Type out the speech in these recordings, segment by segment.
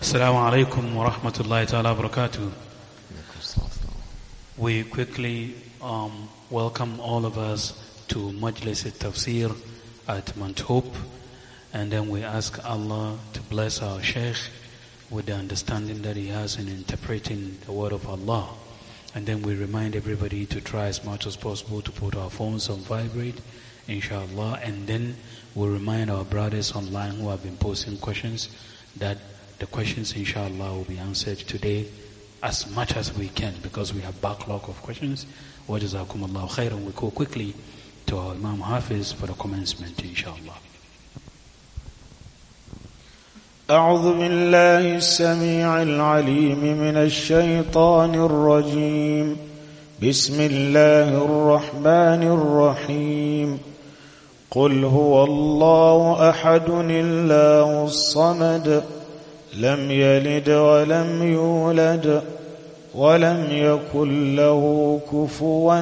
Assalamu alaikum ta'ala barakatuh. We quickly um, welcome all of us to Majlis al-Tafsir at Mount Hope. And then we ask Allah to bless our Sheikh with the understanding that he has in interpreting the word of Allah. And then we remind everybody to try as much as possible to put our phones on vibrate, inshallah. And then we remind our brothers online who have been posting questions that the questions, inshallah, will be answered today as much as we can because we have backlog of questions. Wa jazakumullahu khairan. We go quickly to our Imam Hafiz for the commencement, inshallah. أعوذ بالله السميع العليم من الشيطان الرجيم بسم الله الرحمن الرحيم قل هو الله أحد الله الصمد لم يلد ولم يولد ولم يكن له كفوا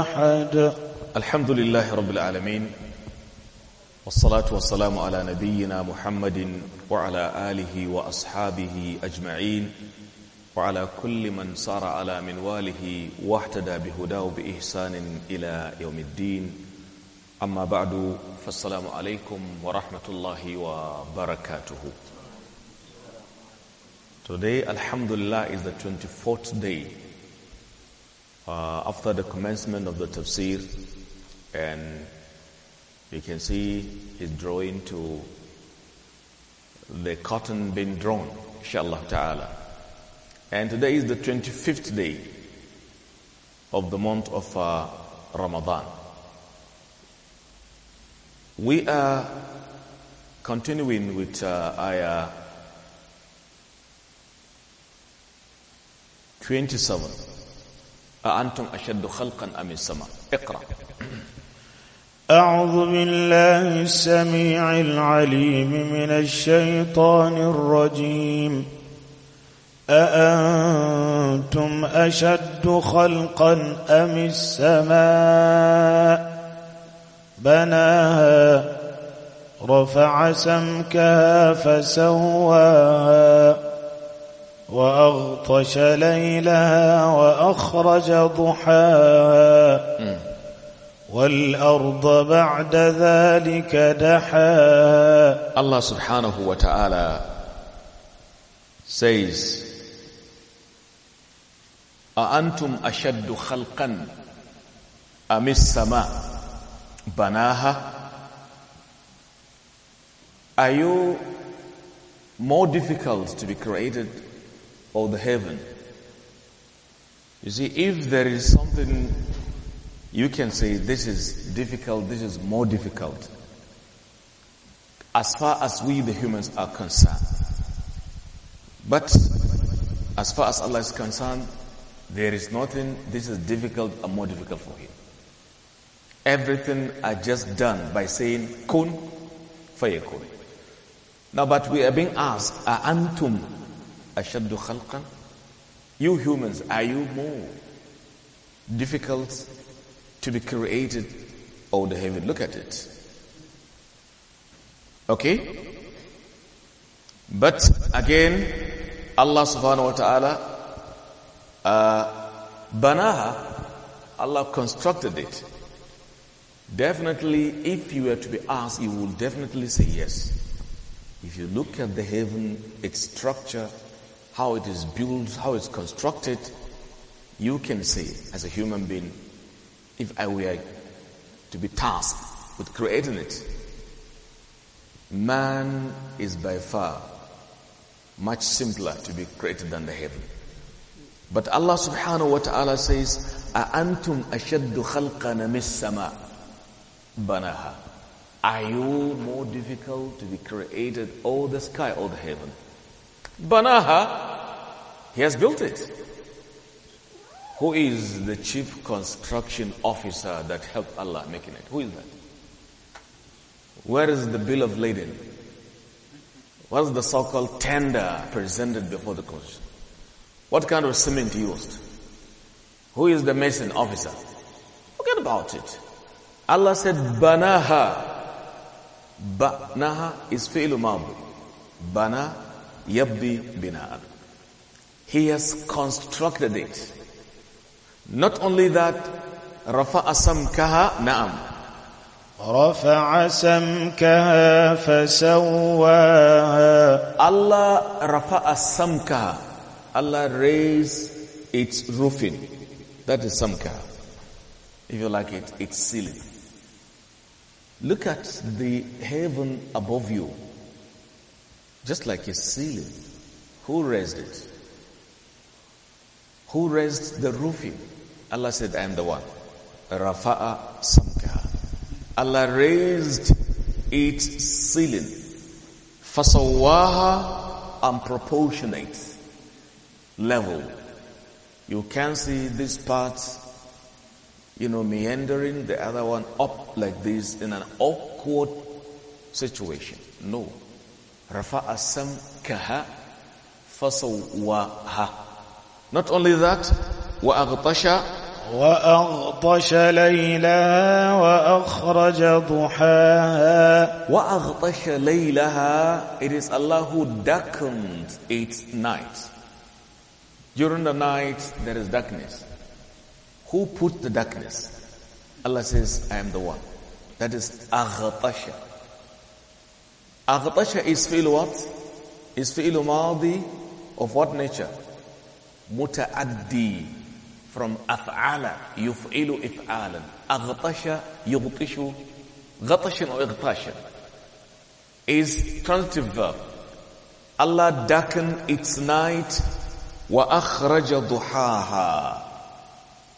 أحد الحمد لله رب العالمين والصلاة والسلام على نبينا محمد وعلى آله وأصحابه أجمعين وعلى كل من صار على منواله واحتدى بهداه بإحسان إلى يوم الدين أما بعد فالسلام عليكم ورحمة الله وبركاته Today, Alhamdulillah, is the 24th day uh, after the commencement of the tafsir, and you can see it's drawing to the cotton being drawn, inshallah ta'ala. And today is the 25th day of the month of uh, Ramadan. We are continuing with uh, ayah 27 أأنتم أشد خلقا أم السماء اقرأ أعوذ بالله السميع العليم من الشيطان الرجيم أأنتم أشد خلقا أم السماء بناها رفع سمكها فسواها وأغطش ليلها وأخرج ضحاها والأرض بعد ذلك دحاها الله سبحانه وتعالى says أأنتم أشد خلقا أم السماء بناها Are you more difficult to be created or the heaven. You see, if there is something you can say this is difficult, this is more difficult. As far as we the humans are concerned. But as far as Allah is concerned, there is nothing this is difficult or more difficult for him. Everything are just done by saying kun fayakun. Now but we are being asked, antum you humans, are you more difficult to be created or oh, the heaven? Look at it. Okay? But again, Allah subhanahu wa ta'ala uh, banaha, Allah constructed it. Definitely, if you were to be asked, you would definitely say yes. If you look at the heaven, its structure, how it is built, how it's constructed, you can say, as a human being, if I were to be tasked with creating it, man is by far much simpler to be created than the heaven. But Allah subhanahu wa ta'ala says, أَأَنْتُمْ أَشَدُّ خَلْقًا مِسَّمَا بَنَاهَا Are you more difficult to be created or the sky or the heaven? Banaha, he has built it. Who is the chief construction officer that helped Allah making it? Who is that? Where is the bill of lading? What is the so-called tender presented before the court? What kind of cement used? Who is the mason officer? Forget about it. Allah said, Banaha. Banaha is fi'lu mabu. Yabbi binan. He has constructed it. Not only that, رفع Naam. Rafa asam سمكها فسواها Allah Rafa asam سمكها Allah raised its roofing. That is samkaha. If you like it, its ceiling. Look at the heaven above you. Just like a ceiling. Who raised it? Who raised the roofing? Allah said, I am the one. Rafa'a Samka. Allah raised its ceiling. Fasawaha and proportionate level. You can see this part, you know, meandering, the other one up like this in an awkward situation. No. رفع سمكها فصوها not only that وأغطش وأغطش ليلها وأخرج ضحاها وأغطش ليلها it is Allah who darkened its night during the night there is darkness who put the darkness Allah says I am the one that is أغطش Aghtasha is fi'lu what? Is fi'lu madi of what nature? Muta'addi from af'ala yuf'ilu if'alan. Aghtasha yughtishu ghatashin or ightashin is transitive verb. Allah darkened its night wa akhraja duhaha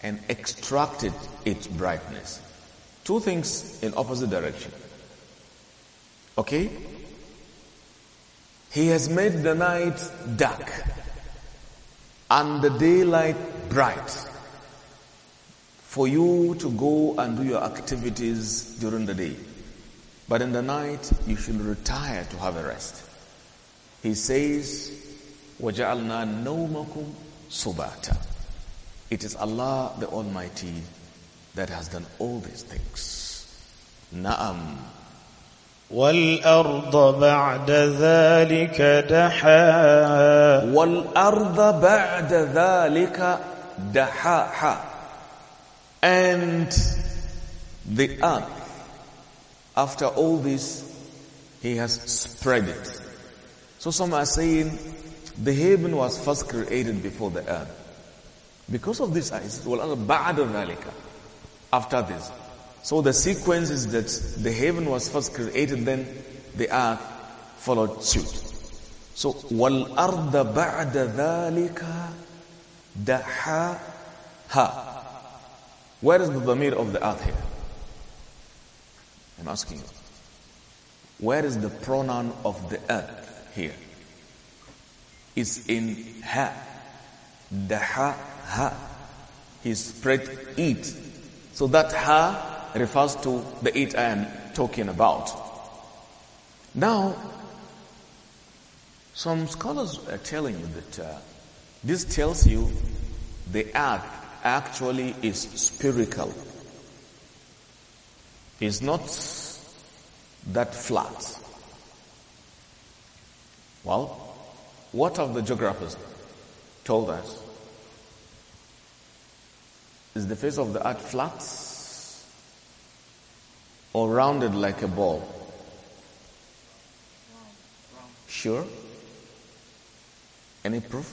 and extracted its brightness. Two things in opposite direction. Okay? He has made the night dark and the daylight bright for you to go and do your activities during the day. But in the night, you should retire to have a rest. He says, وَجَعَلْنَا نَوْمَكُمْ subata." It is Allah the Almighty that has done all these things. Naam. والأرض بعد ذلك دحاها والأرض بعد ذلك دحاها and the earth after all this he has spread it so some are saying the heaven was first created before the earth because of this I said والأرض بعد ذلك after this so the sequence is that the heaven was first created, then the earth followed suit. So, وَالْأَرْضَ بَعْدَ daha ha. Where is the dhamir of the earth here? I'm asking you. Where is the pronoun of the earth here? It's in ha. Daha ha. He spread it. So that ha refers to the eight I am talking about. Now, some scholars are telling you that uh, this tells you the earth actually is spherical. It's not that flat. Well, what have the geographers told us? Is the face of the earth flat? or rounded like a ball? Sure? Any proof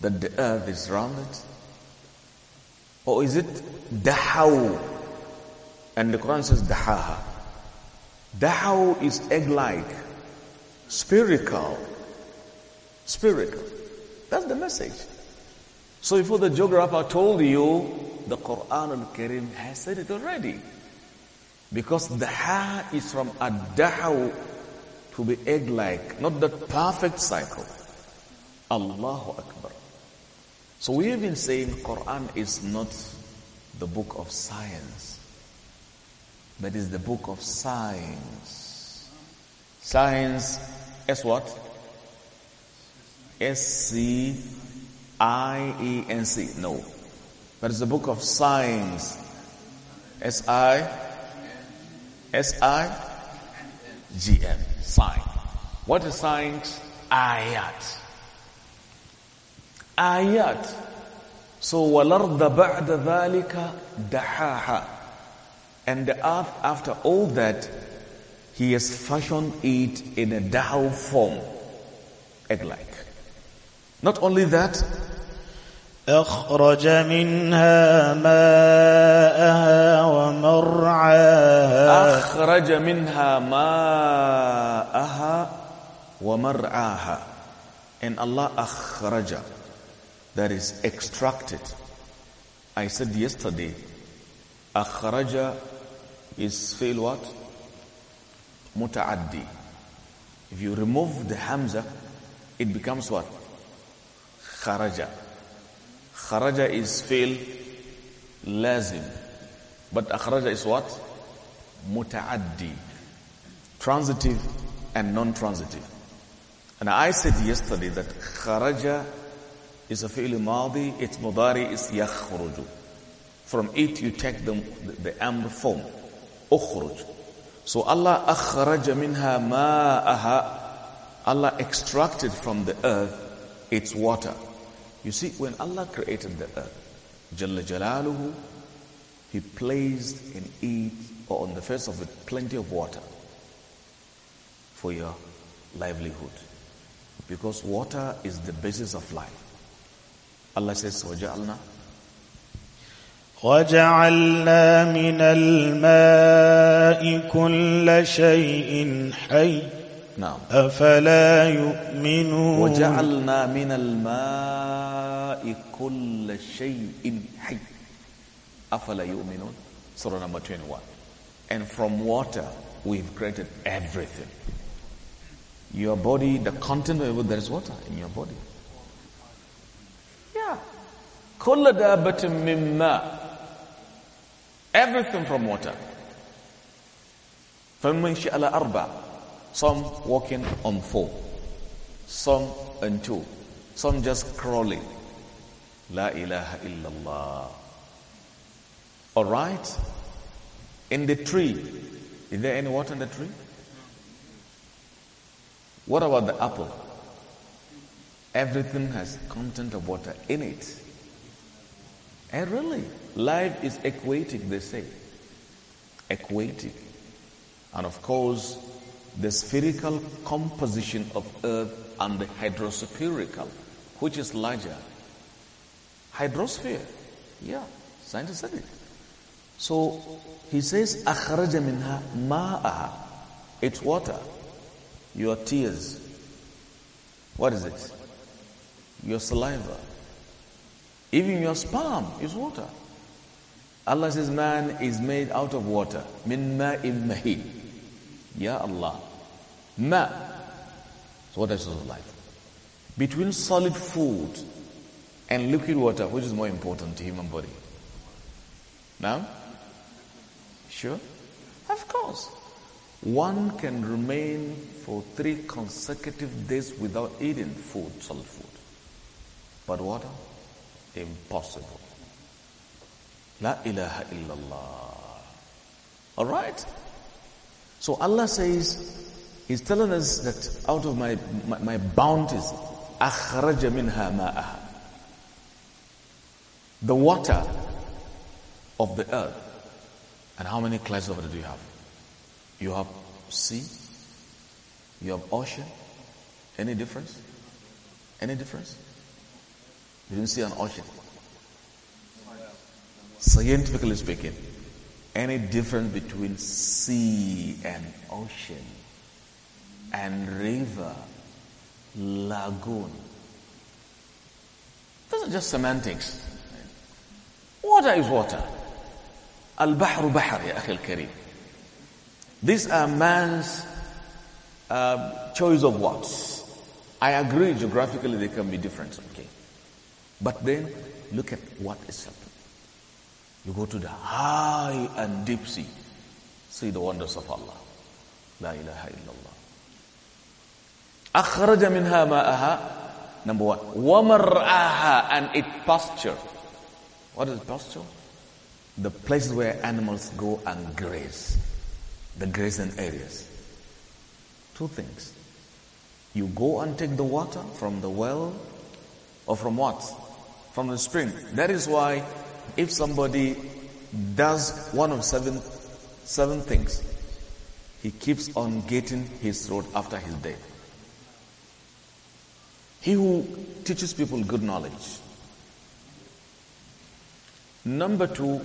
that the earth is rounded? Or is it dahaw? And the Quran says dahaha. Dahaw is egg-like, spherical, spherical. That's the message. So if the geographer told you, the Quran al-Karim has said it already. Because the ha is from a dahaw to be egg-like, not that perfect cycle. Allahu Akbar. So we have been saying Quran is not the book of science, but is the book of signs. Science as what? S C I E N C. No. But it's the book of signs. S I S-I-G-N. Sign. What is sign? Ayat. Ayat. So, وَالْأَرْضَ بَعْدَ ذَلِكَ دَحَاهَا And the earth, after all that, he has fashioned it in a dhow form, egg-like. Not only that, أخرج منها ماءها ومرعاها أخرج منها ماءها ومرعاها إن الله أخرج That is extracted I said yesterday أخرج is fail what? متعدي If you remove the hamza it becomes what? خرج Kharaja is fail lazim. But akhraja is what? Muta'addi. Transitive and non-transitive. And I said yesterday that kharaja is a fi'l madi, its mudari is yakhruju. From it you take the, the, the amr form, ukhruj. So Allah akhraja minha ma'aha, Allah extracted from the earth its water. You see, when Allah created the earth, Jalla Jalaluhu, He placed in it or on the face of it plenty of water for your livelihood. Because water is the basis of life. Allah says, وَجَعَلْنَا وَجَعَلْنَا مِنَ الْمَاءِ كُلَّ شَيْءٍ حَيٍّ نعم أفلا يؤمنون وجعلنا من الماء كل شيء حي أفلا يؤمنون سورة نمبر 21 And from water we've created everything Your body, the content of it, there is water in your body Yeah كل دابة من ماء Everything from water فمن شاء أربع some walking on four, some on two, some just crawling. La ilaha illallah. All right? In the tree, is there any water in the tree? What about the apple? Everything has content of water in it. And eh, really, life is equating. they say. equating, And of course, the spherical composition of earth and the hydrospherical, which is larger. Hydrosphere. Yeah, scientists said it. So he says, أَخْرَجَ مِنْهَا مَاءَهَا It's water. Your tears. What is it? Your saliva. Even your sperm is water. Allah says man is made out of water. Min مَاءٍ مَهِينٍ Ya Allah, ma, so what is source life? Between solid food and liquid water, which is more important to human body? Now? Sure? Of course. One can remain for three consecutive days without eating food, solid food. But water? Impossible. La ilaha illallah. All right? So Allah says, He's telling us that out of my, my, my bounties, أخرج منها ماءها. The water of the earth. And how many classes of it do you have? You have sea, you have ocean. Any difference? Any difference? You didn't see an ocean. Scientifically speaking any difference between sea and ocean and river, lagoon. Those are just semantics. Water is water. Al-Bahru Bahar, Ya Akhil These are man's uh, choice of words. I agree geographically they can be different, okay. But then look at what is you go to the high and deep sea. See the wonders of Allah. La ilaha illallah. أخرج منها ماءها Number one. ومرعاها and it pasture. What is pasture? The places where animals go and graze. The grazing areas. Two things. You go and take the water from the well or from what? From the spring. That is why if somebody does one of seven, seven things, he keeps on getting his throat after his death. He who teaches people good knowledge. Number two,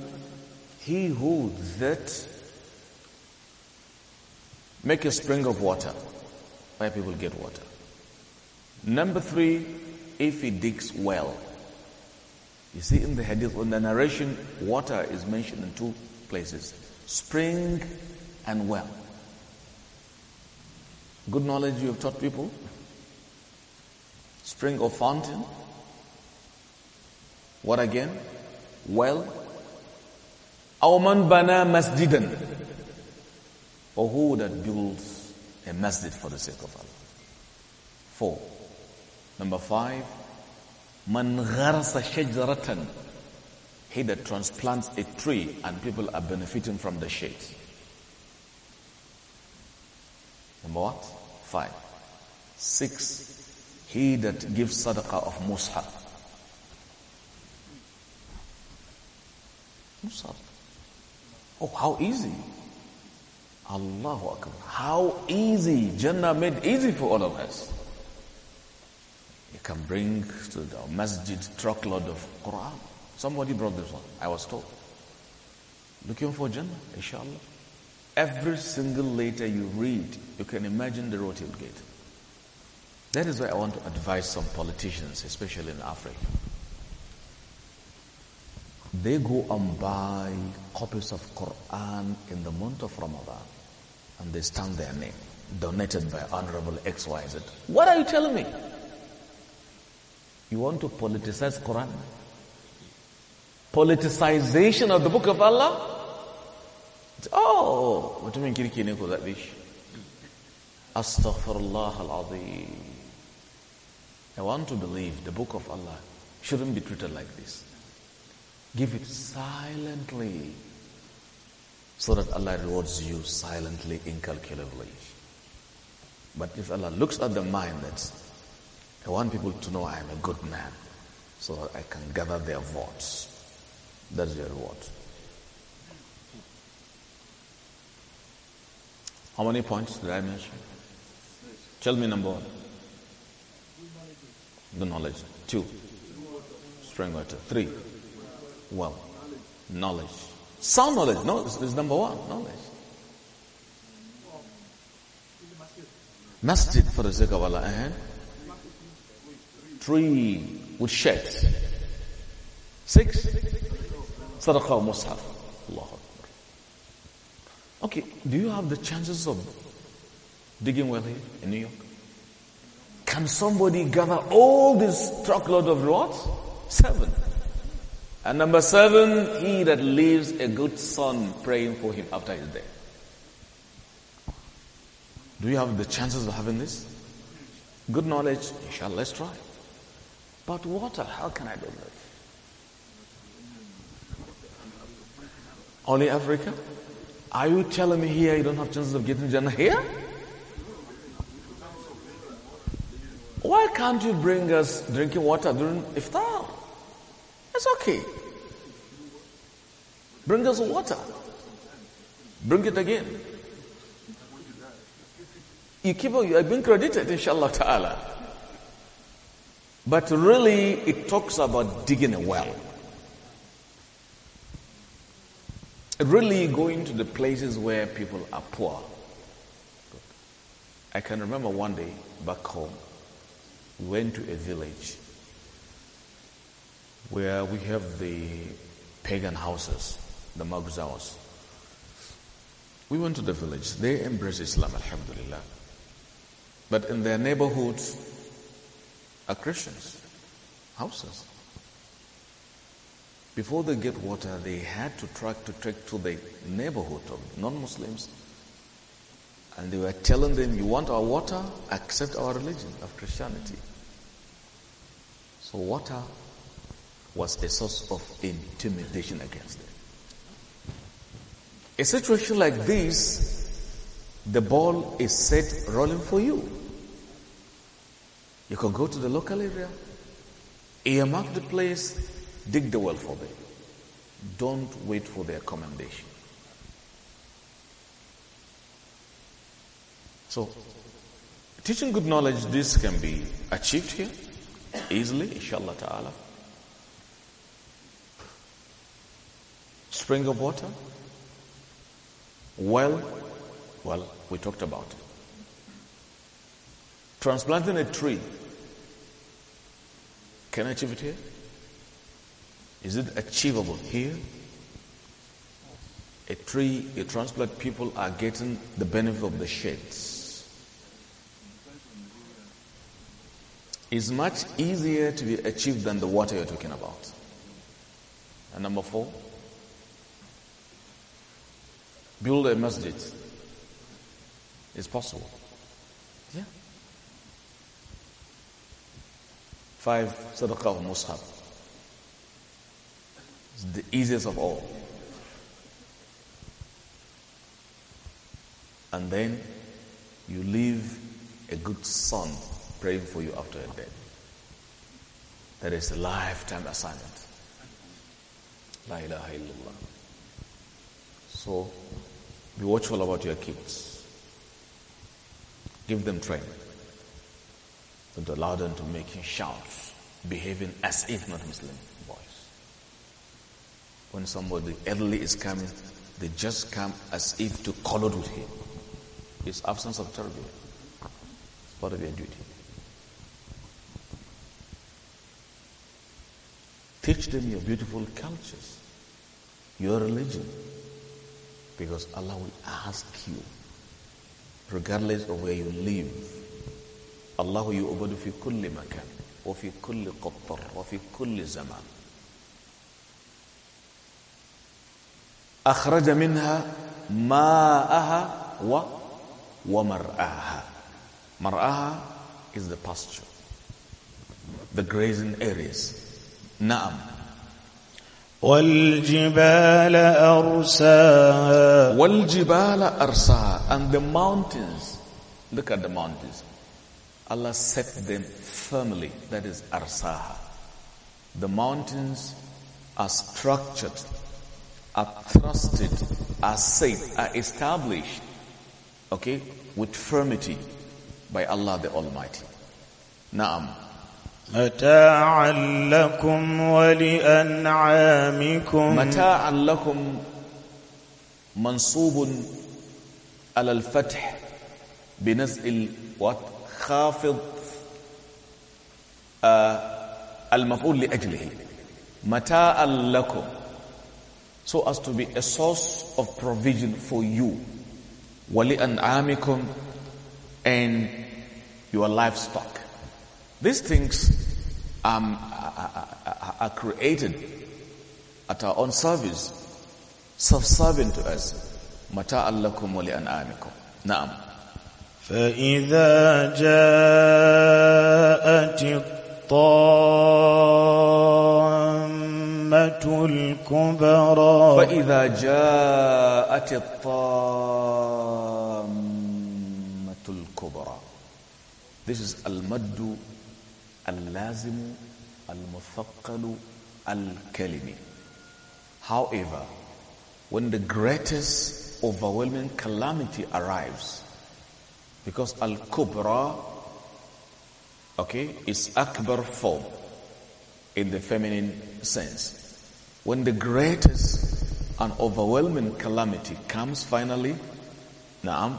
he who that make a spring of water where people get water. Number three, if he digs well. You see in the hadith, in the narration, water is mentioned in two places spring and well. Good knowledge you have taught people? Spring or fountain? What again? Well? Auman man bana masjidan. Or who that builds a masjid for the sake of Allah? Four. Number five, Man gharsa shajaratan. He that transplants a tree and people are benefiting from the shade. Number what? Five. Six. He that gives sadaqah of mushaf. Mushaf. Oh, how easy. Allahu Akbar. How easy. Jannah made easy for all of us. You can bring to the masjid truckload of Quran. Somebody brought this one. I was told. Looking for Jannah, inshallah. Every single letter you read, you can imagine the road he'll get. That is why I want to advise some politicians, especially in Africa. They go and buy copies of Quran in the month of Ramadan and they stamp their name, donated by Honorable XYZ. What are you telling me? You want to politicize Quran? Politicization of the book of Allah? Oh, what do you mean? ne ku that shi. Astaghfirullah al I want to believe the book of Allah shouldn't be treated like this. Give it silently so that Allah rewards you silently, incalculably. But if Allah looks at the mind that's I want people to know I am a good man so that I can gather their votes. That's your reward. How many points did I mention? Tell me number one. The knowledge. Two. Strength water. Three. Well. Knowledge. Sound knowledge. No, this is number one. Knowledge. Masjid for the sake of Allah. Eh? three with sheds. Six, sadaqah or mushaf. Allah Okay, do you have the chances of digging well here in New York? Can somebody gather all this truckload of what? Seven. And number seven, he that leaves a good son praying for him after his death. Do you have the chances of having this? Good knowledge, inshallah, let's try. But water, how can I do that? Only Africa? Are you telling me here you don't have chances of getting Jannah here? Why can't you bring us drinking water during iftar? It's okay. Bring us water. Bring it again. You keep on, you are being credited, inshallah ta'ala. But really, it talks about digging a well. Really going to the places where people are poor. I can remember one day back home, we went to a village where we have the pagan houses, the Maguzawas. We went to the village. They embrace Islam, alhamdulillah. But in their neighborhoods, are Christians' houses. Before they get water, they had to trek to trek to the neighborhood of non-Muslims, and they were telling them, "You want our water? Accept our religion of Christianity." So water was a source of intimidation against them. A situation like this, the ball is set rolling for you. You can go to the local area, earmark the place, dig the well for them. Don't wait for their commendation. So, teaching good knowledge, this can be achieved here easily, inshallah ta'ala. Spring of water, well, well, we talked about it. Transplanting a tree can I achieve it here? Is it achievable here? A tree, a transplant, people are getting the benefit of the shades. It's much easier to be achieved than the water you're talking about. And number four, build a masjid. It's possible. Five, sadaqah al mushab. It's the easiest of all. And then you leave a good son praying for you after your death. That is a lifetime assignment. La ilaha illallah. So be watchful about your kids. Give them training that allowed them to make him shouts, behaving as if not Muslim boys. When somebody elderly is coming, they just come as if to collude with him. It's absence of tarbiyah. It's part of your duty. Teach them your beautiful cultures, your religion, because Allah will ask you, regardless of where you live, الله يؤبد في كل مكان وفي كل قطر وفي كل زمان أخرج منها ماءها و ومرآها مرآها is the pasture the grazing areas نعم والجبال أرساها والجبال أرساها and the mountains look at the mountains Allah set them firmly. That is arsaha. The mountains are structured, are trusted, are safe, are established, okay, with firmity by Allah the Almighty. Naam. متاعا لكم ولأنعامكم lakum mansubun منصوب على الفتح بنزع what خافض المفعول لأجله متاء لكم so as to be a source of provision for you ولأنعامكم and your livestock these things um, are, are, created at our own service self-serving to us متاء لكم ولأنعامكم نعم فإذا جاءت الطامة الكبرى فإذا جاءت الطامة الكبرى This is المد اللازم المثقل الكلمي However, when the greatest overwhelming calamity arrives, Because al-kubra, okay, is akbar form in the feminine sense. When the greatest and overwhelming calamity comes finally, na'am,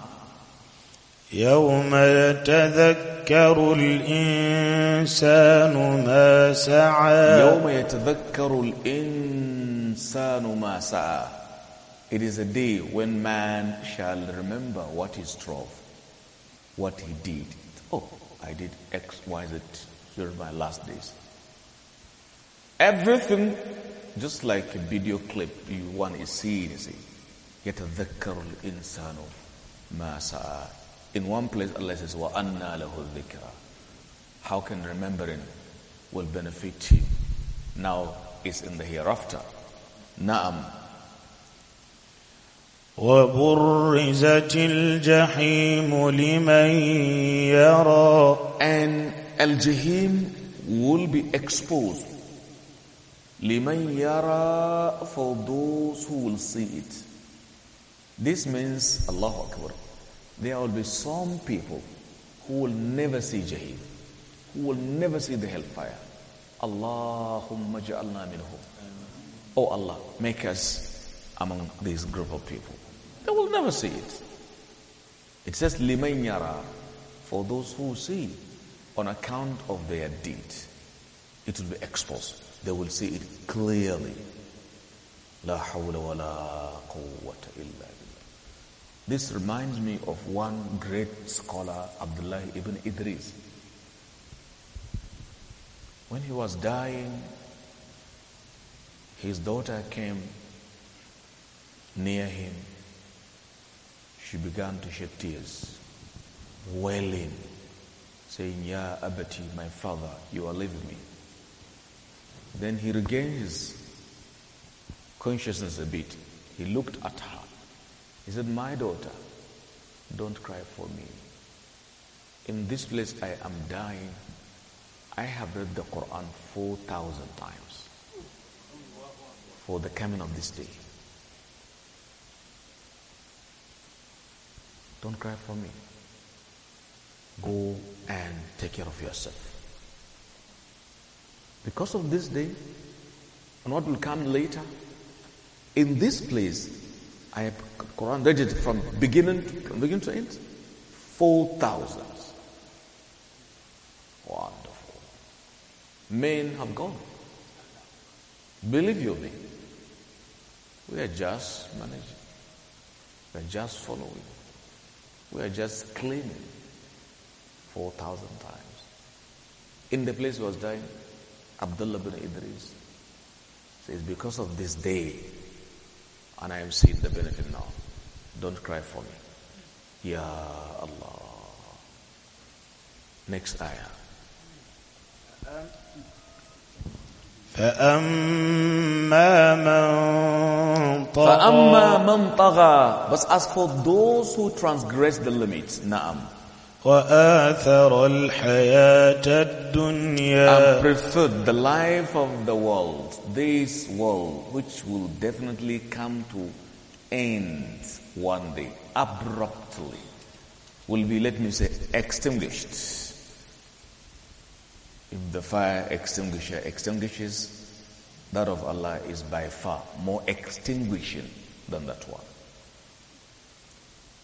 يوم يتذكر الإنسان ما سعى يوم يتذكر الإنسان ما سعى It is a day when man shall remember what he strove what he did. Oh, I did X, Y, Z during my last days. Everything, just like a video clip, you want to see, you see. the الْإِنسَانُ مَا masa, In one place, Allah says, وَأَنَّا لَهُ الذِّكْرَ How can remembering will benefit you? Now it's in the hereafter. Naam وبرزت الجحيم لمن يرى and الجحيم will be exposed لمن يرى for those who will see it this means Allahu Akbar there will be some people who will never see jahim who will never see the hellfire Allahumma ja'alna منهم oh Allah make us among this group of people They will never see it. It says, لِمَنْ يَرَى For those who see on account of their deed, it will be exposed. They will see it clearly. لَا حَوْلَ وَلَا قُوَّةَ إِلَّا بِاللَّهِ This reminds me of one great scholar, Abdullah ibn Idris. When he was dying, his daughter came near him she began to shed tears, wailing, saying, Ya Abati, my father, you are leaving me. Then he regained his consciousness a bit. He looked at her. He said, My daughter, don't cry for me. In this place I am dying. I have read the Quran 4,000 times for the coming of this day. Don't cry for me. Go and take care of yourself. Because of this day, and what will come later, in this place, I have Quran read it from beginning to, from beginning to end, 4,000. Wonderful. Men have gone. Believe you me, we are just managing. We are just following. We are just cleaning 4,000 times. In the place was dying, Abdullah bin Idris says, because of this day, and I am seeing the benefit now. Don't cry for me. Ya Allah. Next ayah. Um. فأما من طغى But as for those who transgress the limits نعم وآثر الحياة الدنيا and preferred the life of the world this world which will definitely come to end one day abruptly will be let me say extinguished if the fire extinguisher extinguishes, that of Allah is by far more extinguishing than that one.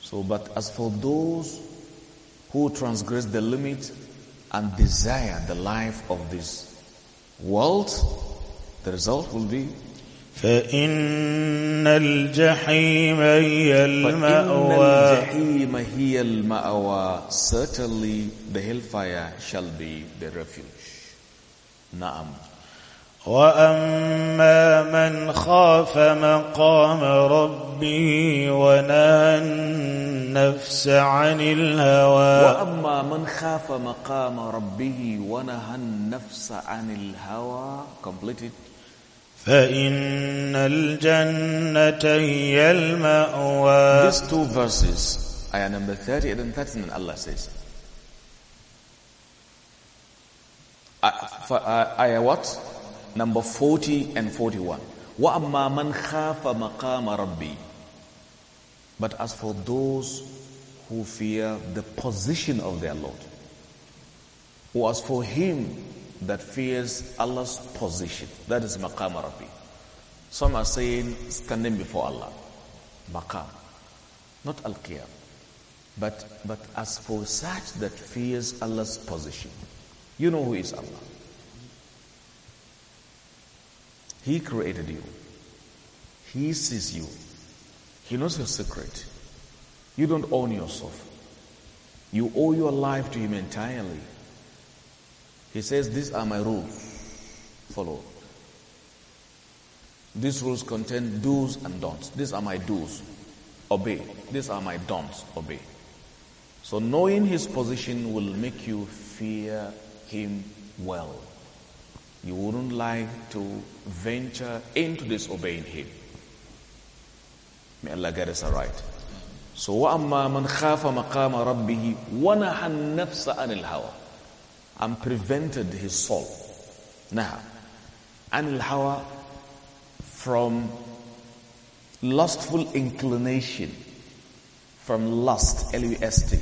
So, but as for those who transgress the limit and desire the life of this world, the result will be فإن الجحيم هي المأوى الجحيم هي المأوى Certainly the hellfire shall be the refuge. نعم واما من خاف مقام ربه ونهى النفس عن الهوى واما من خاف مقام ربه ونهى النفس عن الهوى completed فان الجنه هي الماوى These two verses ayah آية number 30 and 39 Allah says Uh, uh, ayah what? Number 40 and 41. وَأَمَّا مَنْ خَافَ مَقَامَ رَبِّي But as for those who fear the position of their Lord, or as for him that fears Allah's position, that is makam rabbi. Some are saying standing before Allah, maqam, not al-qiyam. But, but as for such that fears Allah's position, you know who is Allah. He created you. He sees you. He knows your secret. You don't own yourself. You owe your life to Him entirely. He says, These are my rules. Follow. These rules contain do's and don'ts. These are my do's. Obey. These are my don'ts. Obey. So knowing His position will make you fear him well. You wouldn't like to venture into disobeying him. May Allah get us right. So وَأَمَّا مَنْ خَافَ مَقَامَ رَبِّهِ وَنَهَى nafs عَنِ hawa and prevented his soul. Now Anil Hawa from lustful inclination, from lust, L-U-S-T,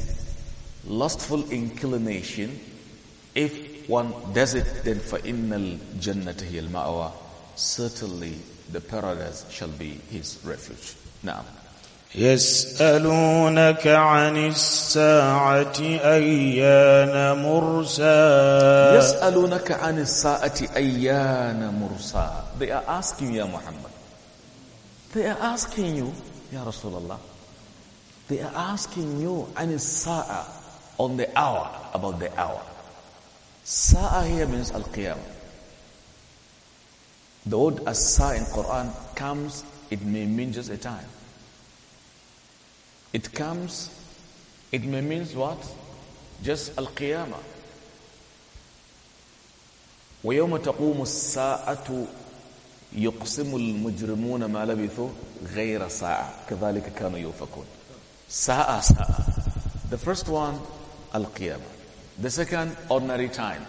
lustful inclination if one does it, then فَإِنَّ الْجَنَّةَ هِيَ الْمَأْوَى Certainly the paradise shall be his refuge. Now. يسألونك عن الساعة أيان مرسى يسألونك عن الساعة أيان مرسى They are asking you, Muhammad. They are asking you, Ya Rasulullah. They are asking you عن الساعة on the hour, about the hour. Sa'a here means al qiyam The word as in Quran comes, it may mean just a time. It comes, it may mean what? Just al-qiyamah. ويوم تقوم الساعة يقسم المجرمون ما لبثوا غير ساعة كذلك كانوا يؤفكون ساعة The first one al القيامة the second, ordinary time.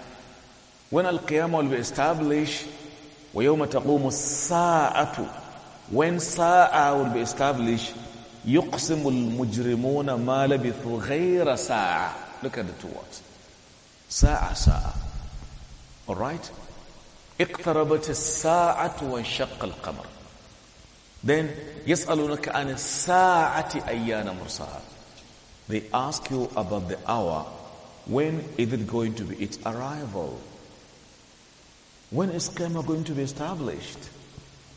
When Al-Qiyamah will be established, وَيَوْمَ تَقُومُ السَّاعَةُ When Sa'ah will be established, يُقْسِمُ الْمُجْرِمُونَ مَا لَبِثُوا غَيْرَ سَاعَةً Look at the two words. Sa'ah, Sa'ah. Alright? اقتربت الساعة وانشق القمر. Then, يسألونك عن الساعة أيان مرساها. They ask you about the hour when is it going to be its arrival? When is Qiyamah going to be established?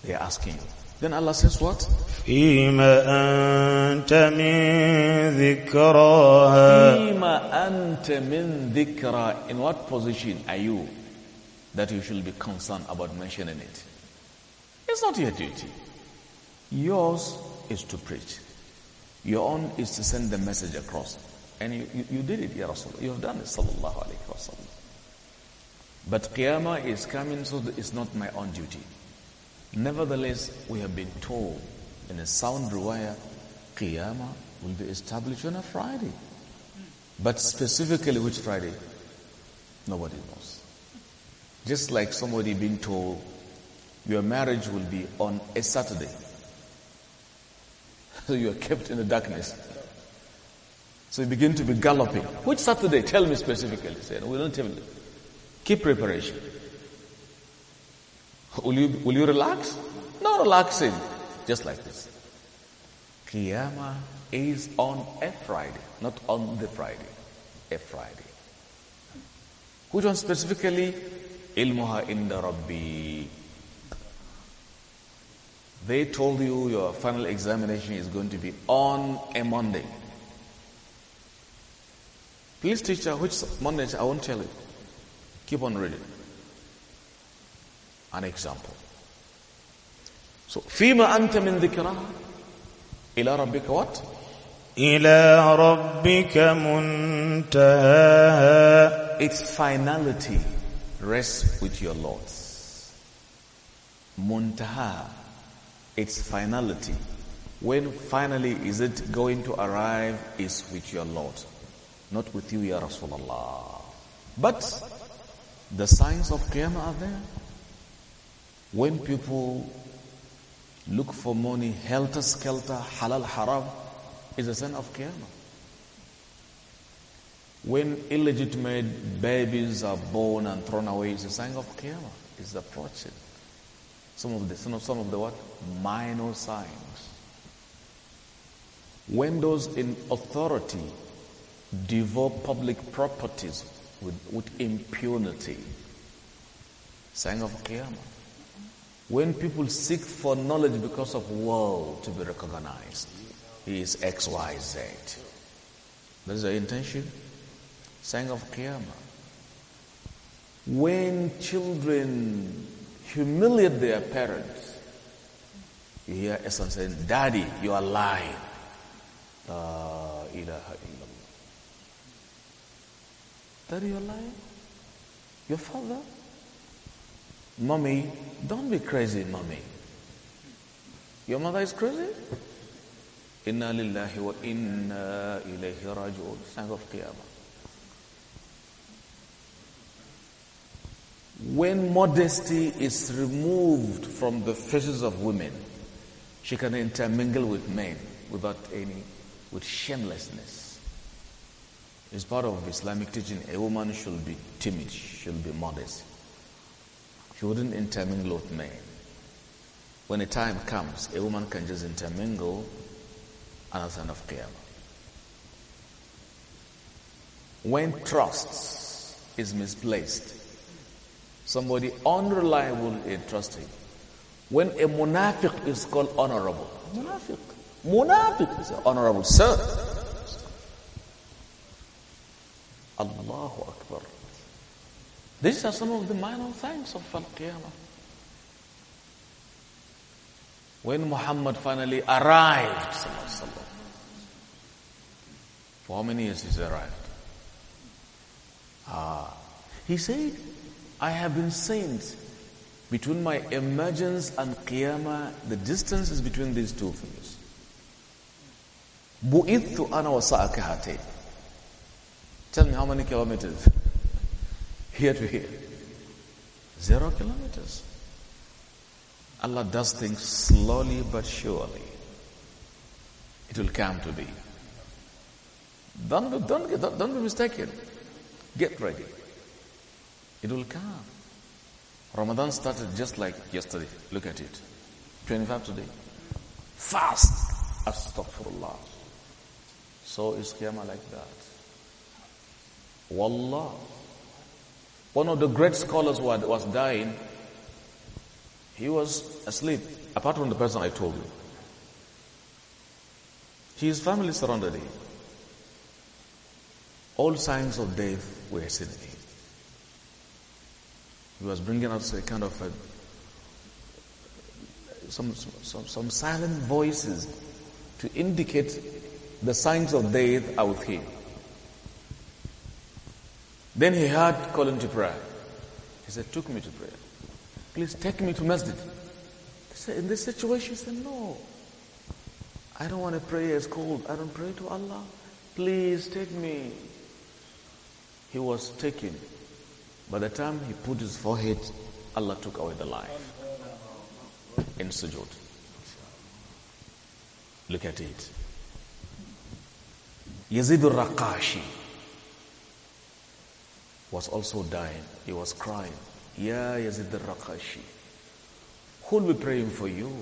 They are asking. Then Allah says what? أنت من ذكراها أنت من ذكرى In what position are you that you should be concerned about mentioning it? It's not your duty. Yours is to preach. Your own is to send the message across. And you, you, you did it, Ya Rasulullah. You have done it, Sallallahu Alaihi Wasallam. But Qiyamah is coming, so it's not my own duty. Nevertheless, we have been told in a sound riwayah, Qiyamah will be established on a Friday. But specifically which Friday? Nobody knows. Just like somebody being told, your marriage will be on a Saturday. So you are kept in the darkness. So you begin to be galloping. Which Saturday? Tell me specifically. Say, no, we don't even Keep preparation. Will you, will you relax? No relaxing. Just like this. Kiyama is on a Friday, not on the Friday. A Friday. Which one specifically? Ilmuha inda Rabbi. They told you your final examination is going to be on a Monday. Please, teacher, which Monday? I won't tell you. Keep on reading. An example. So, فيما أنت من ذكرى إلى ربك what? إلى ربك منتهاها Its finality rests with your Lord. Muntaha, its finality. When finally is it going to arrive is with your Lord. Not with you, Ya Rasulullah. But the signs of Qiyamah are there. When people look for money, helter skelter, halal haram, is a sign of Qiyamah. When illegitimate babies are born and thrown away, is a sign of Qiyamah. the approaching. Some of the some of, some of the what minor signs. When those in authority devour public properties with, with impunity. Sign of Qiyamah. When people seek for knowledge because of world to be recognized, he is X, Y, Z. That is the intention. Sign of Qiyamah. When children humiliate their parents, you hear a son saying, Daddy, you are lying. ilaha Daddy, you're Your father? Mommy, don't be crazy, mommy. Your mother is crazy? Inna lillahi wa inna ilayhi raji'un. Sang of Qiyamah. When modesty is removed from the faces of women, she can intermingle with men without any, with shamelessness. It's part of Islamic teaching. A woman should be timid, should be modest. She wouldn't intermingle with men. When the time comes, a woman can just intermingle another son of Qiyamah. When trust is misplaced, somebody unreliable in trusting. When a munafiq is called honorable, munafiq, munafiq is honorable, sir. Allahu Akbar. These are some of the minor things of Al-Qiyamah. When Muhammad finally arrived, for how many years he's arrived? Ah, he said, I have been sent between my emergence and Qiyamah, the distance is between these two things. بُعِثُ أَنَا وَسَأَكَهَتَيْنِ Tell me how many kilometers? Here to here. Zero kilometers. Allah does things slowly but surely. It will come to be. Don't, be, don't, get, don't, don't be mistaken. Get ready. It will come. Ramadan started just like yesterday. Look at it. 25 today. Fast. Astaghfirullah. So is Qiyamah like that. Wallah. One of the great scholars who had, was dying, he was asleep, apart from the person I told you. His family surrounded him. All signs of death were seen in him. He was bringing out a kind of a, some, some, some silent voices to indicate the signs of death out here. Then he heard calling to prayer. He said, took me to prayer. Please take me to masjid. He said, in this situation, he said, no. I don't want to pray as cold. I don't pray to Allah. Please take me. He was taken. By the time he put his forehead, Allah took away the life. In sujood. Look at it. Yazid al-Raqashi was also dying. He was crying. Ya Yazid al rakashi? Who will be praying for you?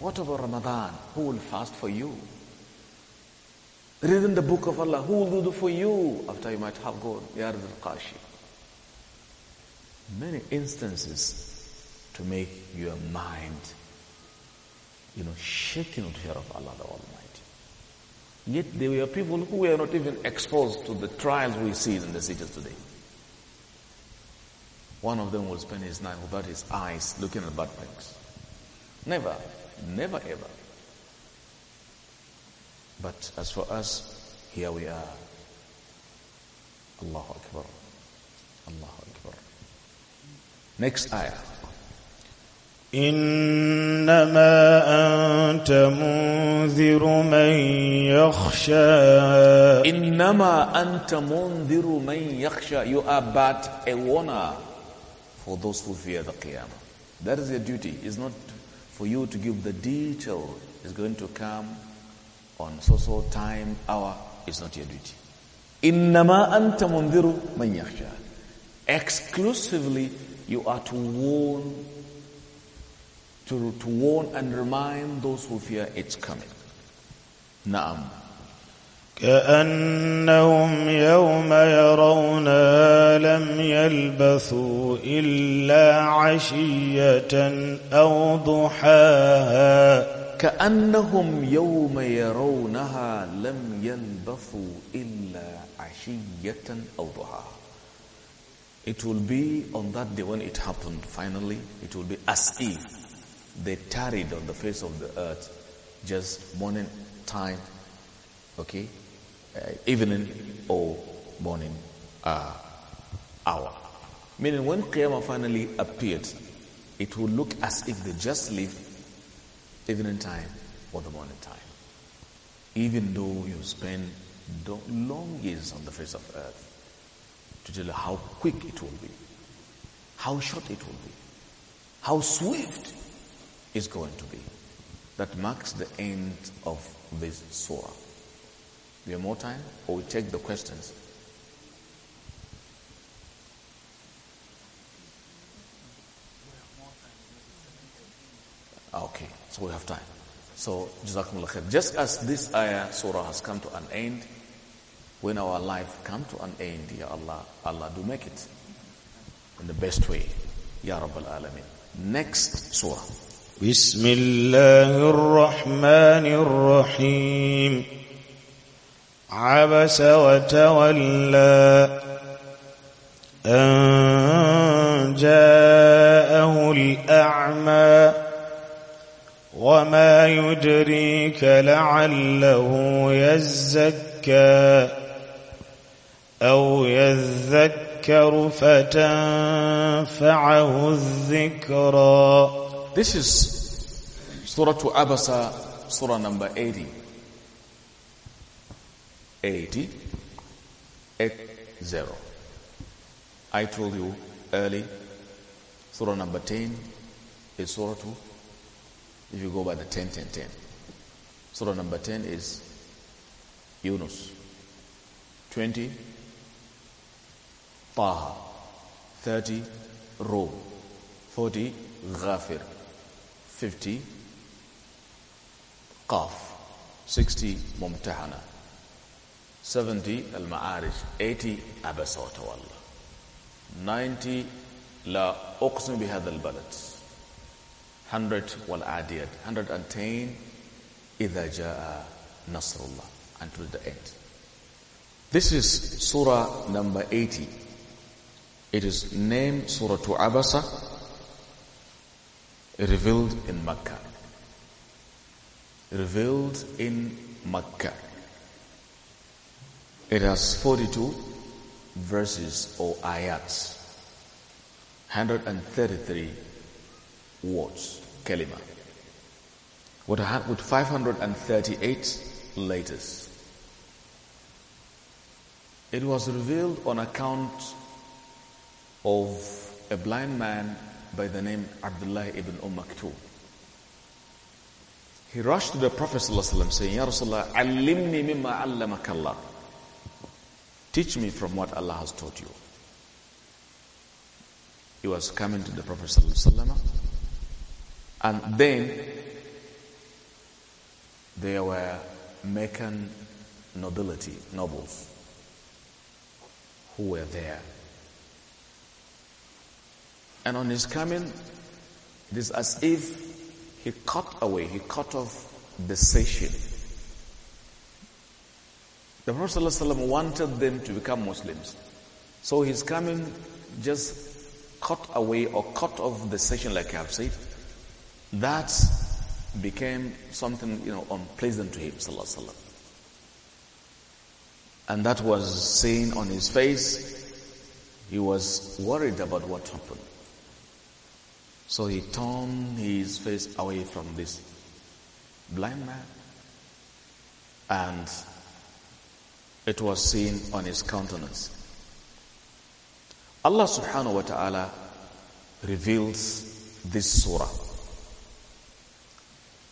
What about Ramadan? Who will fast for you? Reading the book of Allah, who will do for you after you might have gone? Ya Yazid al Many instances to make your mind, you know, shaking with fear of Allah. Yet there were people who were not even exposed to the trials we see in the cities today. One of them will spend his night without his eyes looking at bad things. Never, never ever. But as for us, here we are. Allahu Akbar. Allahu Akbar. Next ayah. انما انت منذر من يخشى انما انت منذر من يخشى you are but a warner for those who fear the qiyamah that is your duty it's not for you to give the detail it's going to come on so so time hour it's not your duty انما انت منذر من يخشى exclusively you are to warn to, to warn and remind those who fear its coming. Naam. كأنهم يوم يرونها لم يلبثوا إلا عشية أو ضحاها كأنهم يوم يرونها لم يلبثوا إلا عشية أو ضحاها It will be on that day when it happened finally it will be as if they tarried on the face of the earth just morning time, okay, uh, evening or morning uh, hour. Meaning, when Qiyamah finally appeared, it would look as if they just lived evening time or the morning time. Even though you spend long years on the face of earth, to tell you how quick it will be, how short it will be, how swift is going to be. That marks the end of this surah. We have more time, or we take the questions. Ah, okay, so we have time. So, Jazakumullah khair. Just as this ayah, surah has come to an end, when our life come to an end, Ya Allah, Allah do make it in the best way. Ya Rabbal Alameen. Next surah. بسم الله الرحمن الرحيم عبس وتولى أن جاءه الأعمى وما يدريك لعله يزكى أو يذكر فتنفعه الذكرى This is Surah to Abasa, Surah number 80. 80, 80. I told you early, Surah number 10 is Surah 2. If you go by the 10, 10, 10. Surah number 10 is Yunus. 20, Taha. 30, Rum. 40, Ghafir. 50 Qaf 60 Mumtahana 70 Al-Ma'arij 80 Aba Sawtawalla 90 لا أقسم al balad 100 Wal والعاديات 110 Idha Jaa Nasrullah. until the end This is Surah number 80 It is named Surah Abasa revealed in Mecca. Revealed in Mecca. It has 42 verses or ayats, 133 words, kalima, with 538 letters. It was revealed on account of a blind man by the name Abdullah ibn Umm Maktoum. He rushed to the Prophet ﷺ saying, Ya Rasulullah, Allimni mimma allamakallah. Teach me from what Allah has taught you. He was coming to the Prophet ﷺ. And then there were Meccan nobility, nobles, who were there and on his coming, it is as if he cut away, he cut off the session. The Prophet ﷺ wanted them to become Muslims. So his coming just cut away or cut off the session, like I have said. That became something, you know, unpleasant to him, ﷺ. And that was seen on his face. He was worried about what happened. So he turned his face away from this blind man. And it was seen on his countenance. Allah subhanahu wa ta'ala reveals this surah.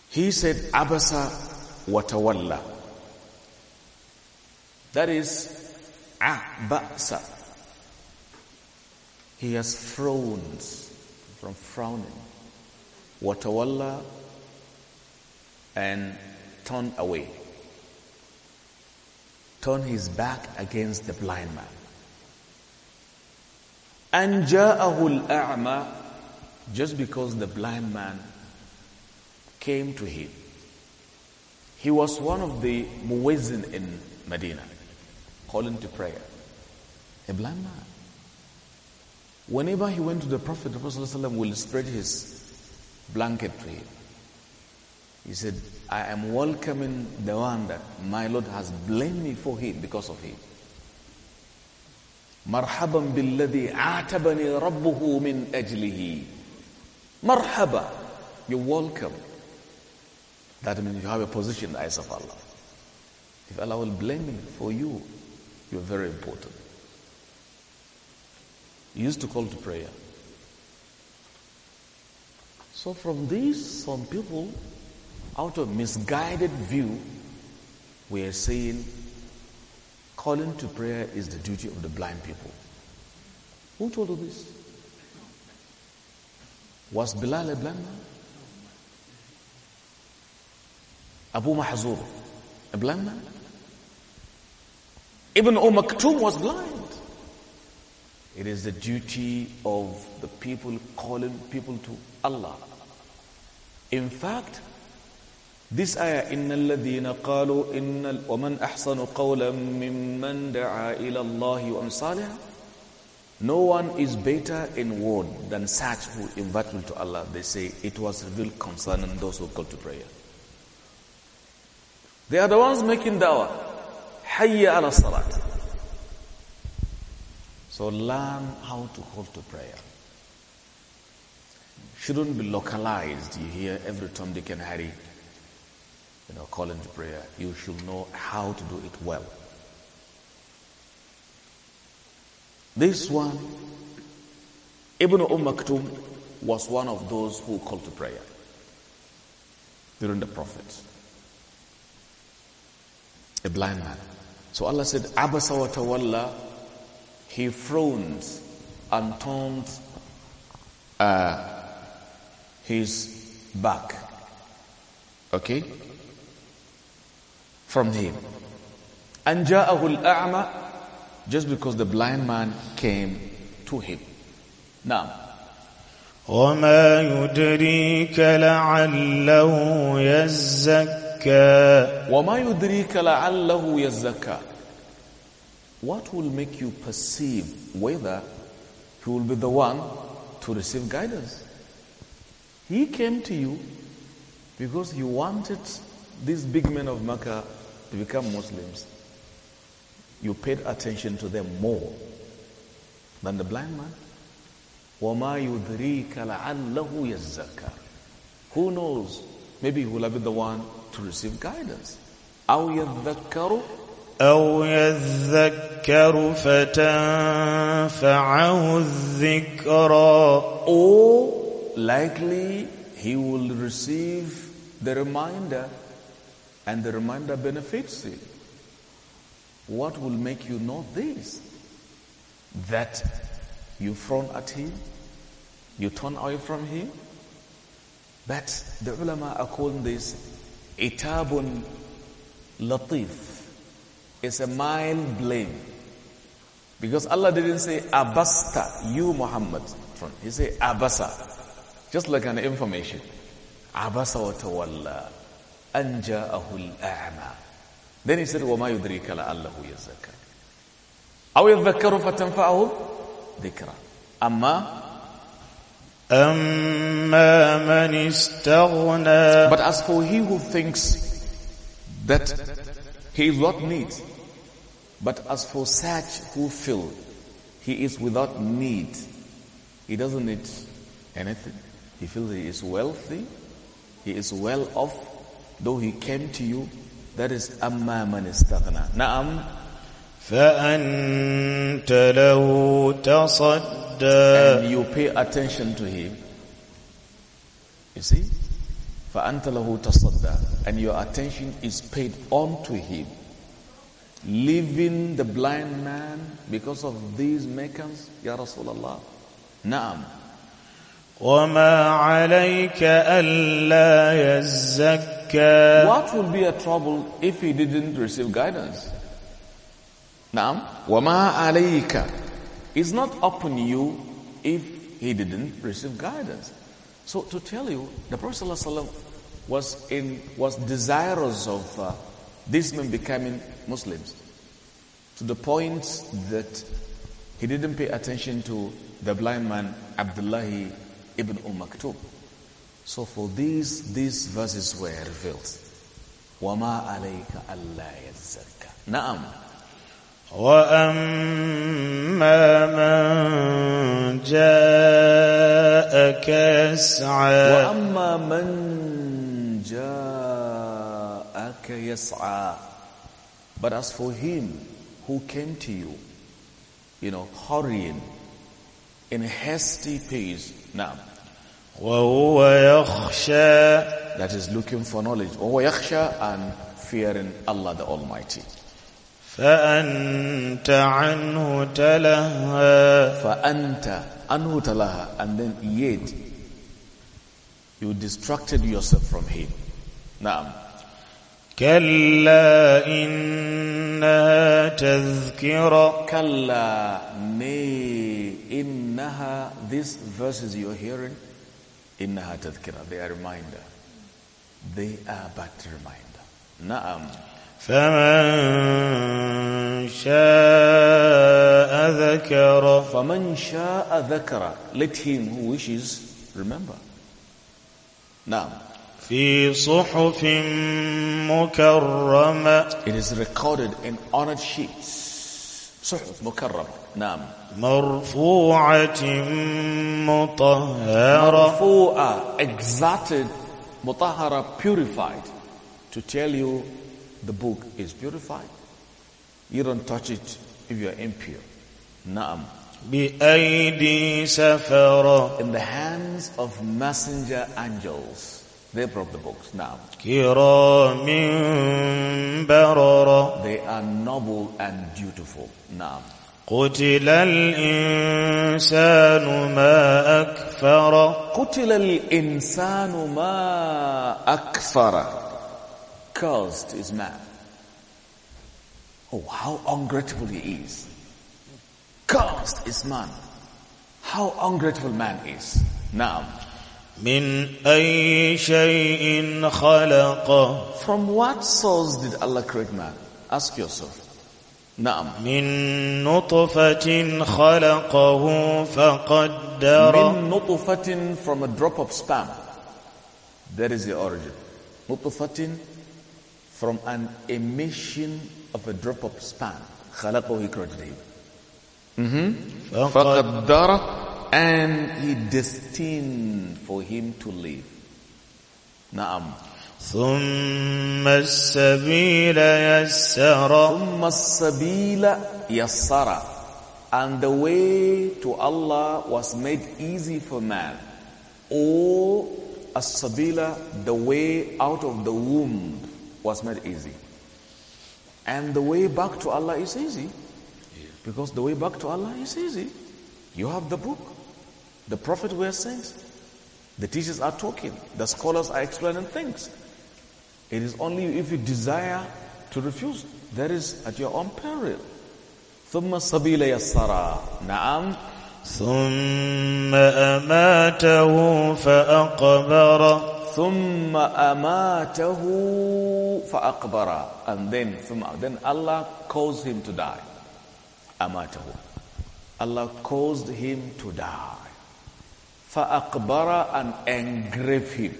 He said, Abasa watawalla. That is Abasa. He has frowned from frowning, watawalla, and turned away. Turned his back against the blind man. And ja'ahul a'ma, just because the blind man came to him. He was one of the muezzin in Medina, calling to prayer. A blind man. Whenever he went to the Prophet, the Prophet ﷺ will spread his blanket to him. He said, I am welcoming the one that my Lord has blamed me for him because of him. Marhaban بالذي عاتبني ربه min ajlihi. Marhaba, you're welcome that means you have a position in the eyes of Allah if Allah will blame me for you you're very important he used to call to prayer. So from this, some people, out of misguided view, we are saying calling to prayer is the duty of the blind people. Who told you this? Was Bilal a blind man? Abu Mahzur, a blind man? Ibn Umm Maktoum was blind. It is the duty of the people calling people to Allah. In fact, this ayah, إِنَّ الَّذِينَ قَالُوا إِنَّ وَمَنْ أَحْسَنُ قَوْلًا مِمَّنْ دَعَا إِلَى اللَّهِ وَأَمْصَالِهَا No one is better in word than such who invite me to Allah. They say it was revealed concerning those who call to prayer. They are the ones making da'wah. حَيَّ عَلَى الصَّلَاةِ so learn how to hold to prayer. Shouldn't be localized. You hear every Tom, Dick, and Harry, you know, calling to prayer. You should know how to do it well. This one, Ibn Umm Maktum was one of those who called to prayer during the Prophet. A blind man. So Allah said, Abasa wa tawalla he frowns and turns uh, his back. Okay? From him. And جاءه الأعمى just because the blind man came to him. Now, وما يدريك لعله يزكى وما يدريك لعله يزكى what will make you perceive whether he will be the one to receive guidance? He came to you because he wanted these big men of Makkah to become Muslims. You paid attention to them more than the blind man. Who knows? Maybe he will be the one to receive guidance. أو يذكر فتنفعه الذكرى Or likely he will receive the reminder and the reminder benefits him. What will make you know this? That you frown at him, you turn away from him. But the ulama are calling this itabun latif is a mild blame. Because Allah didn't say abasta, you Muhammad. He said abasa. Just like an information. Abasa wa tawalla. Anja ahul a'ma. Then he said, وَمَا يُدْرِيكَ لَعَلَّهُ يَزَّكَّى أَوْ يَذَّكَّرُ فَتَنْفَعَهُ ذِكْرًا أَمَّا أما من استغنى But as for he who thinks that he is what needs, but as for such who feel he is without need, he doesn't need anything. He feels he is wealthy, he is well off, though he came to you. That is amma man istaghna. Naam. فأنت له تصدى And you pay attention to him. You see? فأنت له تصدى And your attention is paid on to him leaving the blind man because of these makers? Ya Rasulullah. Naam. وما عليك ألا يزكى What would be a trouble if he didn't receive guidance? Naam. وما عليك It's not upon you if he didn't receive guidance. So to tell you, the Prophet ﷺ was in was desirous of uh, these men becoming Muslims to the point that he didn't pay attention to the blind man Abdullah ibn Umm Maktoum. So for these, these verses were revealed. وَمَا عَلَيْكَ أَلَّا يَزَّكَّى نعم وأما من جاءك يسعى وأما من جاءك yas'a. But as for him who came to you, you know, hurrying in hasty pace, now. That is looking for knowledge. And fearing Allah the Almighty. فأنت عنه تلهى فأنت عنه تلهى and then yet you distracted yourself from him نعم كلا إنها تذكرة كلا nay إنها these verses you are hearing إنها تذكرة they are reminder they are but reminder نعم فمن شاء ذكر فمن شاء ذكر let him who wishes remember نعم في صحف مكرمة It is recorded in honored sheets. صحف مكرمة. نعم. مرفوعة مطهرة مرفوعة exalted مطهرة purified to tell you the book is purified. You don't touch it if you are impure. Naam. بأيدي سفرة In the hands of messenger angels. They brought the books now. They are noble and dutiful now. قتل الإنسان ما أكفر قتل الإنسان ما أكفر Cursed is man. Oh, how ungrateful he is. Cursed is man. How ungrateful man is. Now, من أي شيء خلق From what source did Allah create man? Ask yourself. نعم. من نطفة خلقه فقدر. من نطفة from a drop of sperm. That is the origin. نطفة from an emission of a drop of sperm. خلقه he created him. Mm -hmm. فقدر and he destined for him to live. Naam. ثم السبيل يسر ثم السبيل يسر and the way to Allah was made easy for man or as-sabila the way out of the womb was made easy and the way back to Allah is easy because the way back to Allah is easy you have the book the Prophet wears saints. The teachers are talking. The scholars are explaining things. It is only if you desire to refuse, that is at your own peril. ثم السبيل يسرى نعم ثم أماته فأقبر ثم أماته فأقبر and then ثم then Allah caused him to die أماته Allah caused him to die فأقبر and engrave him.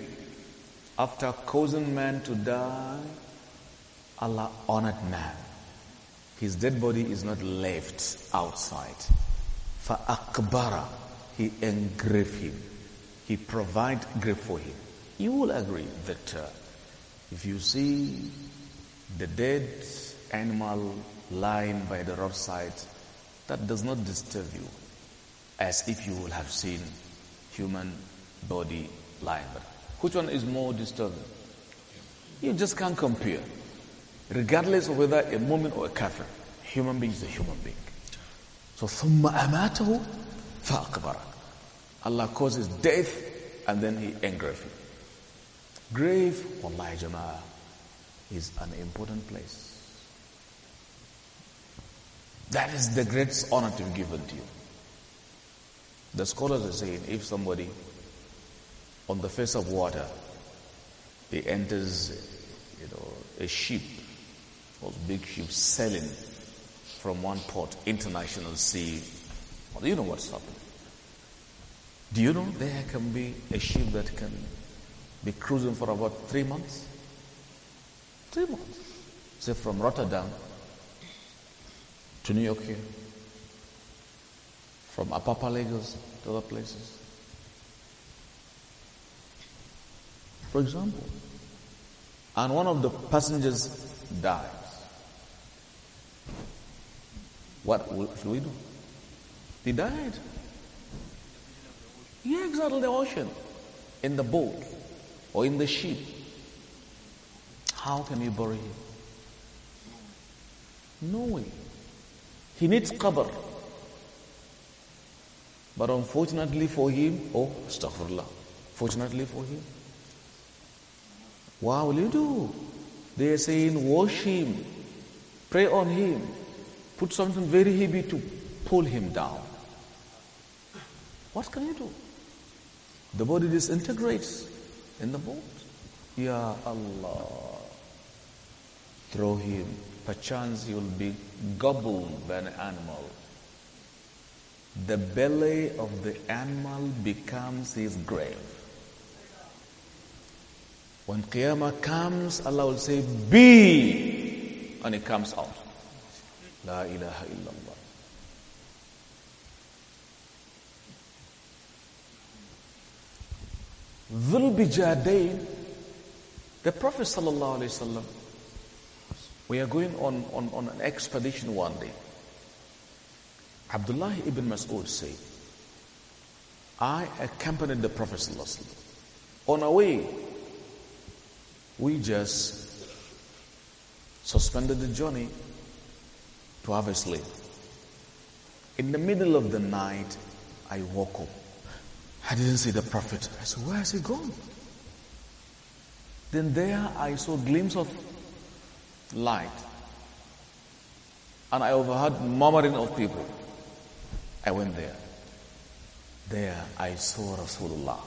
After causing man to die, Allah honored man. His dead body is not left outside. فأقبر, he engrave him. He provide grave for him. You will agree that uh, if you see the dead animal lying by the roadside, that does not disturb you as if you will have seen human body liver. which one is more disturbing? You just can't compare. Regardless of whether a mu'min or a kafir, human being is a human being. So ثم أماته فأقبره. Allah causes death and then he engraves him. Grave, wallahi jama'ah, is an important place. That is the greatest honor to be given to you. The scholars are saying if somebody on the face of water he enters you know a ship those big ships sailing from one port international sea do you know what's happening do you know there can be a ship that can be cruising for about three months three months say from rotterdam to new york here from Lagos to other places. For example, and one of the passengers dies. What should we do? He died. He exited the ocean, in the boat, or in the ship. How can we bury him? No way. He needs cover. But unfortunately for him, oh, astaghfirullah. Fortunately for him. What will you do? They are saying, wash him, pray on him, put something very heavy to pull him down. What can you do? The body disintegrates in the boat. Ya Allah. Throw him. Perchance he will be gobbled by an animal the belly of the animal becomes his grave. When Qiyamah comes, Allah will say, Be! And it comes out. La ilaha illallah. Dhul Bijadain, the Prophet sallallahu alaihi wasallam, we are going on, on, on an expedition one day. Abdullah ibn Mas'ud said, I accompanied the Prophet on our way. We just suspended the journey to have a sleep. In the middle of the night, I woke up. I didn't see the Prophet. I said, Where has he gone? Then there I saw a glimpse of light. And I overheard murmuring of people. I went there. There I saw Rasulullah.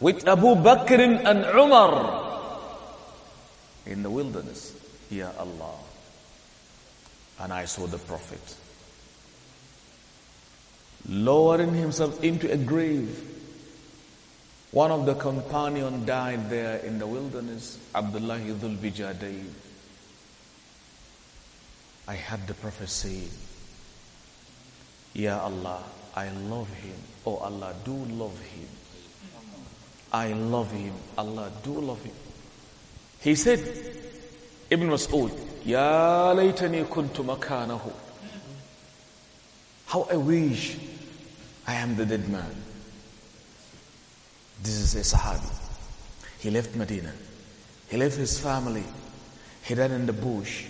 With Abu Bakr and Umar in the wilderness. Ya Allah. And I saw the Prophet lowering himself into a grave. One of the companion died there in the wilderness, Abdullah Idul Bijadayn. I had the Prophet say, Ya Allah, I love him. Oh Allah, do love him. I love him. Allah, do love him. He said, Ibn Mas'ud, Ya laytani kuntu makanahu. How I wish I am the dead man. This is a Sahabi. He left Medina. He left his family. He died in the bush.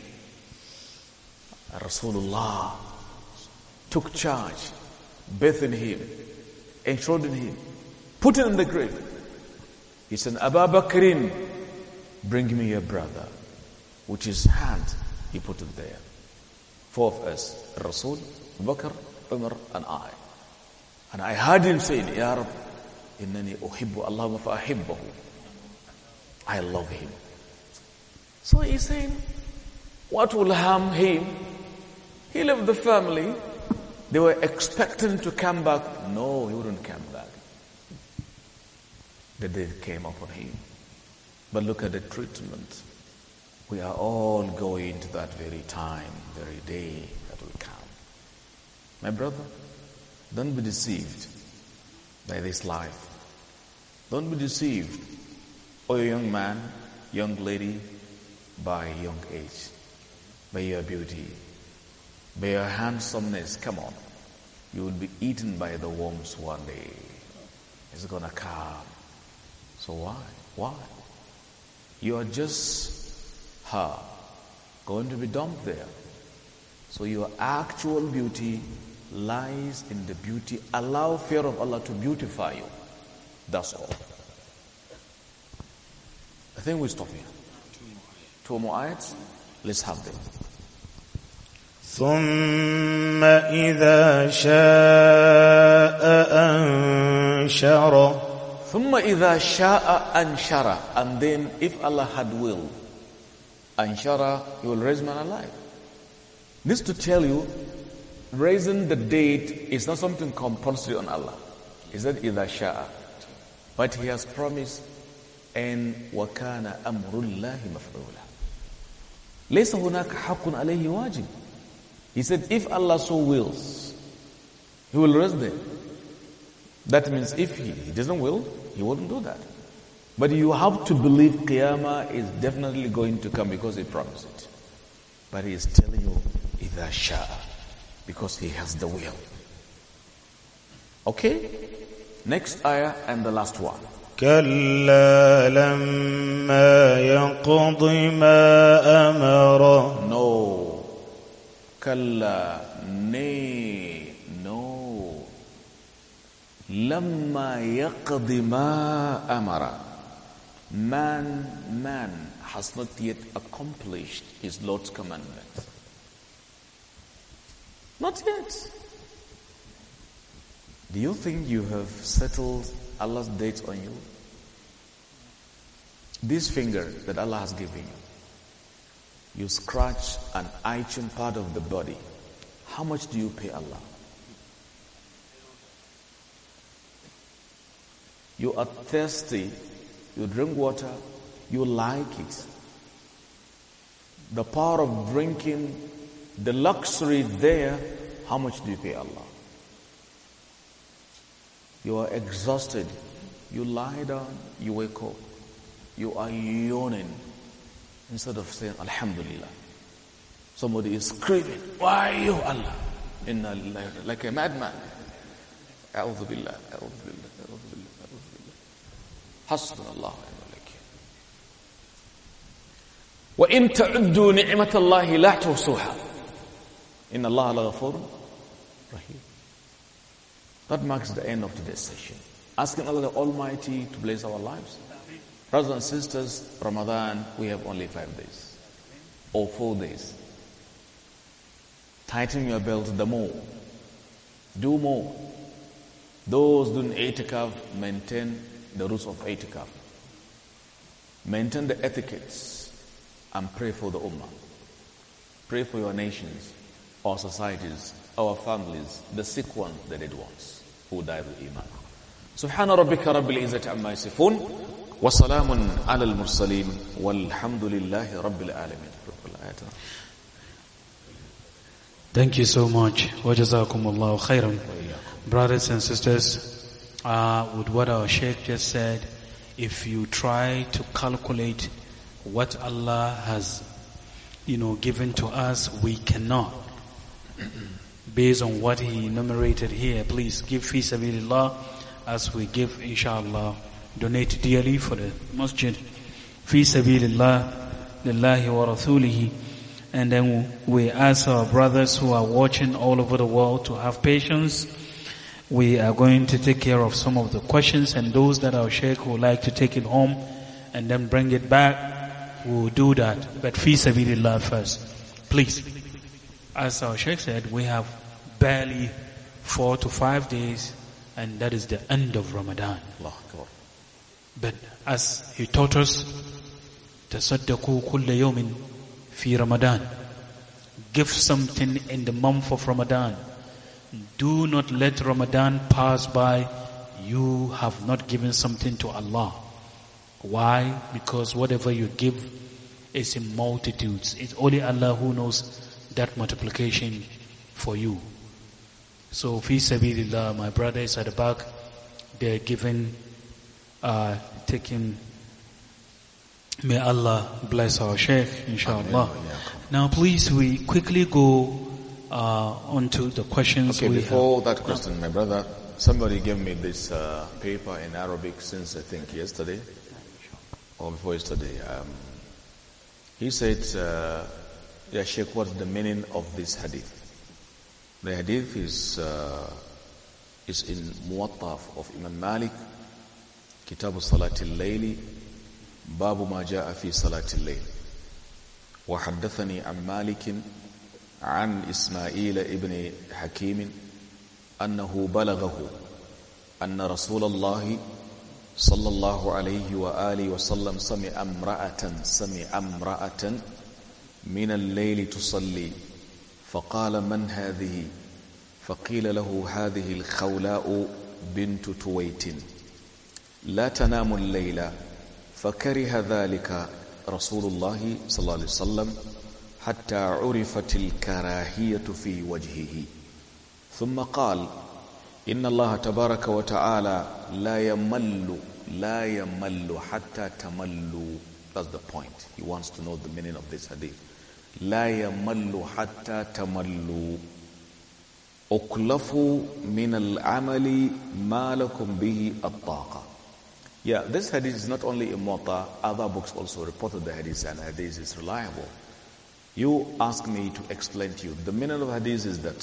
Rasulullah took charge, bathed him, enshrouded him, put him in the grave. He said, Abu Bakrin, bring me your brother, which his hand he put it there. Four of us, Rasul, Bakr, Umar, and I. And I heard him saying, Ya Rab, innani uhibbu Allahumma fa'ahibbahu. I love him. So he's saying, what will harm him? He left the family, they were expecting to come back. No, he wouldn't come back. The day came upon him. But look at the treatment. We are all going to that very time, very day that will come. My brother, don't be deceived by this life. Don't be deceived, oh young man, young lady, by young age, by your beauty, by your handsomeness. Come on you will be eaten by the worms one day. It's going to come. So why? Why? You are just her going to be dumped there. So your actual beauty lies in the beauty. Allow fear of Allah to beautify you. That's all. I think we stop here. Two more ayats. Let's have them. ثم إذا شاء أنشر ثم إذا شاء أنشر and then if Allah had will أنشر he will raise man alive this to tell you raising the date is not something compulsory on Allah he said إذا شاء but he has promised and وكان أمر الله مفعولا ليس هناك حق عليه واجب He said, if Allah so wills, He will raise them. That means if He, he doesn't will, He wouldn't do that. But you have to believe Qiyamah is definitely going to come because He promised it. But He is telling you, إِذَا Shah, Because He has the will. Okay? Next ayah and the last one. كلا لما يقض ما أمره كلا nay, no. لما yaqdi ما amara. Man, man has not yet accomplished his Lord's commandment. Not yet. Do you think you have settled Allah's date on you? This finger that Allah has given you you scratch an itching part of the body, how much do you pay Allah? You are thirsty, you drink water, you like it. The power of drinking, the luxury there, how much do you pay Allah? You are exhausted, you lie down, you wake up, you are yawning instead of saying Alhamdulillah. Somebody is screaming, Why you oh Allah? Inna like a madman. A'udhu billah, a'udhu Hasbunallah wa Inna Allah la ghafur rahim. That marks the end of today's session. Asking Allah the Almighty to bless our lives. Brothers and sisters, Ramadan, we have only five days or four days. Tighten your belt the more. Do more. Those doing itikaf, maintain the rules of itikaf. Maintain the etiquettes and pray for the ummah. Pray for your nations, our societies, our families, the sick ones, the dead ones who die with iman. سبحان ربك رب العزة عما يصفون وسلام على المرسلين والحمد لله رب العالمين Thank you so much. Wajazakumullahu khairan. Brothers and sisters, uh, with what our Sheikh just said, if you try to calculate what Allah has, you know, given to us, we cannot. Based on what he enumerated here, please give fi sabilillah as we give inshallah donate dearly for the masjid. Fi sabilillah, lillahi wa rasulihi. And then we ask our brothers who are watching all over the world to have patience. We are going to take care of some of the questions and those that our sheikh would like to take it home and then bring it back, we'll do that. But fi sabilillah first. Please. As our sheikh said, we have barely four to five days and that is the end of Ramadan. But as he taught us, tasaddaqu kulla yawmin fi Ramadan. Give something in the month of Ramadan. Do not let Ramadan pass by. You have not given something to Allah. Why? Because whatever you give is in multitudes. It's only Allah who knows that multiplication for you. So, fi sabilillah, my brothers at the back. They're giving uh, taking. May Allah bless our Sheikh, inshallah. Now, please, we quickly go uh, on to the questions. Okay, before have. that question, my brother, somebody gave me this uh, paper in Arabic since I think yesterday or before yesterday. Um, he said, uh, yeah, Sheikh, what's the meaning of this hadith? The hadith is, uh, is in Muwattaf of Imam Malik كتاب صلاة الليل باب ما جاء في صلاة الليل وحدثني عن مالك عن إسماعيل ابن حكيم أنه بلغه أن رسول الله صلى الله عليه وآله وسلم سمع امرأة سمع امرأة من الليل تصلي فقال من هذه فقيل له هذه الخولاء بنت تويت لا تنام الليلة فكره ذلك رسول الله صلى الله عليه وسلم حتى عرفت الكراهية في وجهه ثم قال إن الله تبارك وتعالى لا يمل لا يمل حتى تملوا That's the point. He wants to know the meaning of this hadith. لا يمل حتى تملوا أكلفوا من العمل ما لكم به الطاقة Yeah, this hadith is not only in Muwatta, other books also reported the hadith and hadith is reliable. You ask me to explain to you. The meaning of hadith is that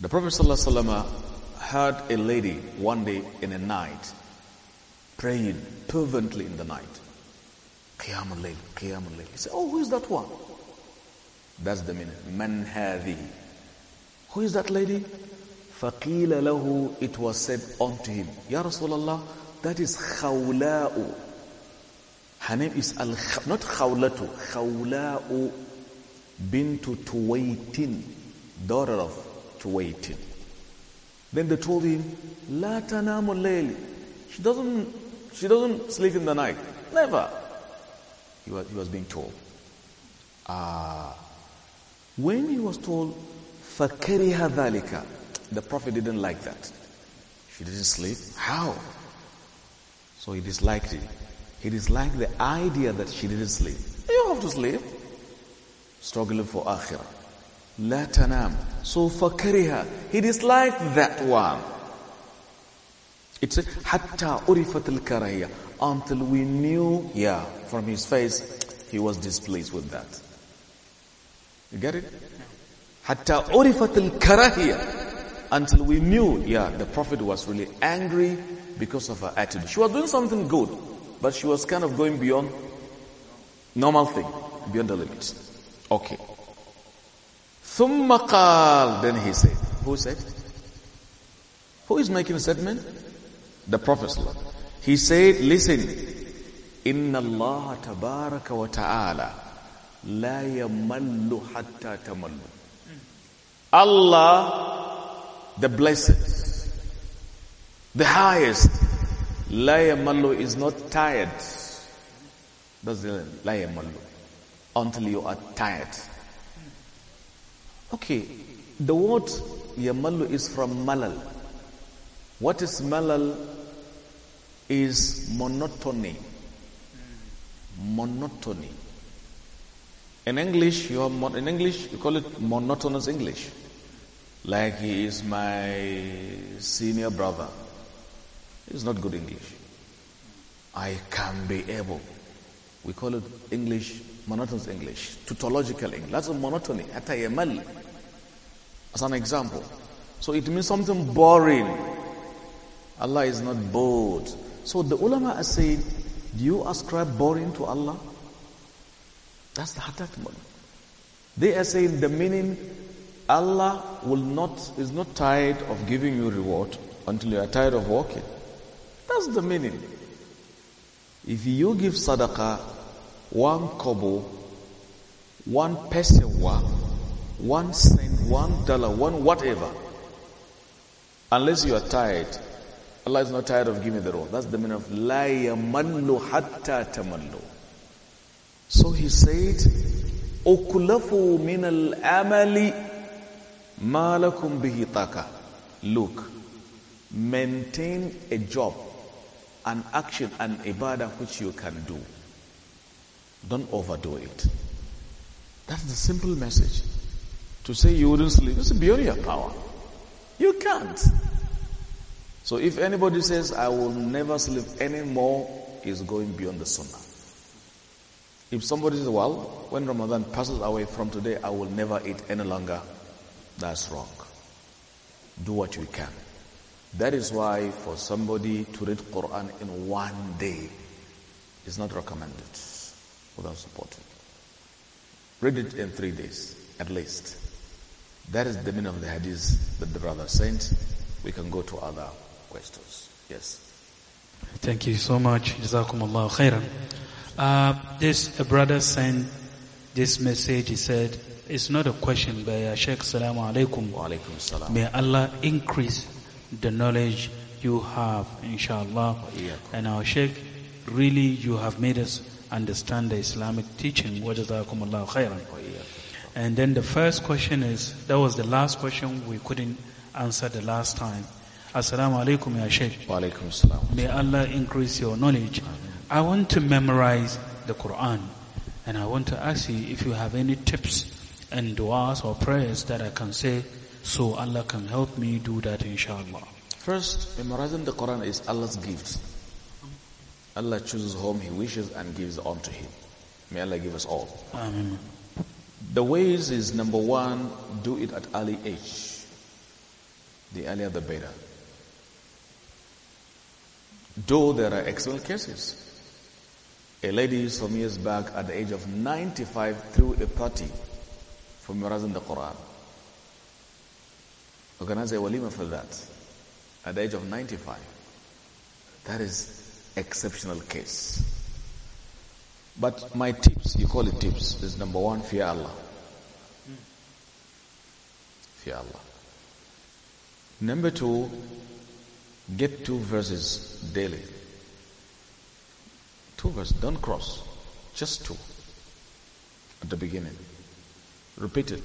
the Prophet ﷺ heard a lady one day in a night praying fervently in the night. Qiyamul Layl, Qiyamul Layl. He said, Oh, who is that one? That's the meaning. Man hadi. Who is that lady? فَقِيلَ لَهُ It was said unto him, Ya Rasulullah, that is khawla'u. Her name is al not khawlatu, khawla'u bintu Tuwaitin, daughter of Tuwaitin. Then they told him, La tanamu She doesn't, she doesn't sleep in the night. Never. He was, he was being told. Ah. When he was told, فَكَرِهَ ذَلِكَ the Prophet didn't like that. She didn't sleep. How? So he disliked it. He disliked the idea that she didn't sleep. You have to sleep. Struggling for akhirah. La tanam. So fakariha. He disliked that one. It's hatta urifat al Until we knew, yeah, from his face, he was displeased with that. You get it? Hatta urifat al until we knew, yeah, the Prophet was really angry because of her attitude. She was doing something good, but she was kind of going beyond normal thing, beyond the limits. Okay. ثم قال then he said who said who is making a statement the prophet he said listen إن الله تبارك وتعالى لا يمل حتى تمل Allah the blessed, the highest. La yamallu is not tired. does the la Until you are tired. Okay, the word yamalu is from malal. What is malal? Is monotony. Monotony. In English, you have, in English, you call it monotonous English like he is my senior brother. It's not good English. I can be able. We call it English, monotonous English, tautological English. That's a monotony. Atayamal. As an example. So it means something boring. Allah is not bored. So the ulama are saying, do you ascribe boring to Allah? That's the hatatman. They are saying the meaning Allah will not, is not tired of giving you reward until you are tired of working. That's the meaning. If you give sadaqah, one kobo, one pesewa, one cent, one dollar, one whatever, unless you are tired, Allah is not tired of giving the reward. That's the meaning of la yamallu hatta tamallu. So he said, min al amali." Malakum bihi taka. Look, maintain a job, an action, an ibadah which you can do. Don't overdo it. That's the simple message. To say you wouldn't sleep is beyond your power. You can't. So if anybody says, I will never sleep anymore, is going beyond the sunnah. If somebody says, well, when Ramadan passes away from today, I will never eat any longer, that's wrong. Do what you can. That is why for somebody to read Quran in one day is not recommended without support. Read it in three days at least. That is the meaning of the hadith that the brother sent. We can go to other questions. Yes. Thank you so much. Jazakumullah khairan. Uh, this brother sent this message. He said, it's not a question, but uh, Sheikh, Salamu Alaikum. Wa Alaikum Salam. May Allah increase the knowledge you have, inshallah. And our Sheikh, really, you have made us understand the Islamic teaching. Wa khairan. And then the first question is, that was the last question we couldn't answer the last time. Assalamu alaikum, Ya Wa alaikum salam. May Allah increase your knowledge. Amen. I want to memorize the Quran. And I want to ask you if you have any tips and du'as or prayers that I can say so Allah can help me do that inshallah. First, memorizing the Quran is Allah's gift. Allah chooses whom He wishes and gives unto Him. May Allah give us all. Amen. The ways is number one, do it at early age. The earlier the better. Though there are excellent cases. A lady some years back at the age of 95 through a party for memorizing the Quran. Organize a walima for that at the age of 95. That is exceptional case. But my tips, you call it tips, is number one, fear Allah. Fear Allah. Number two, get two verses daily. Two verses, don't cross, just two at the beginning. Repeat it,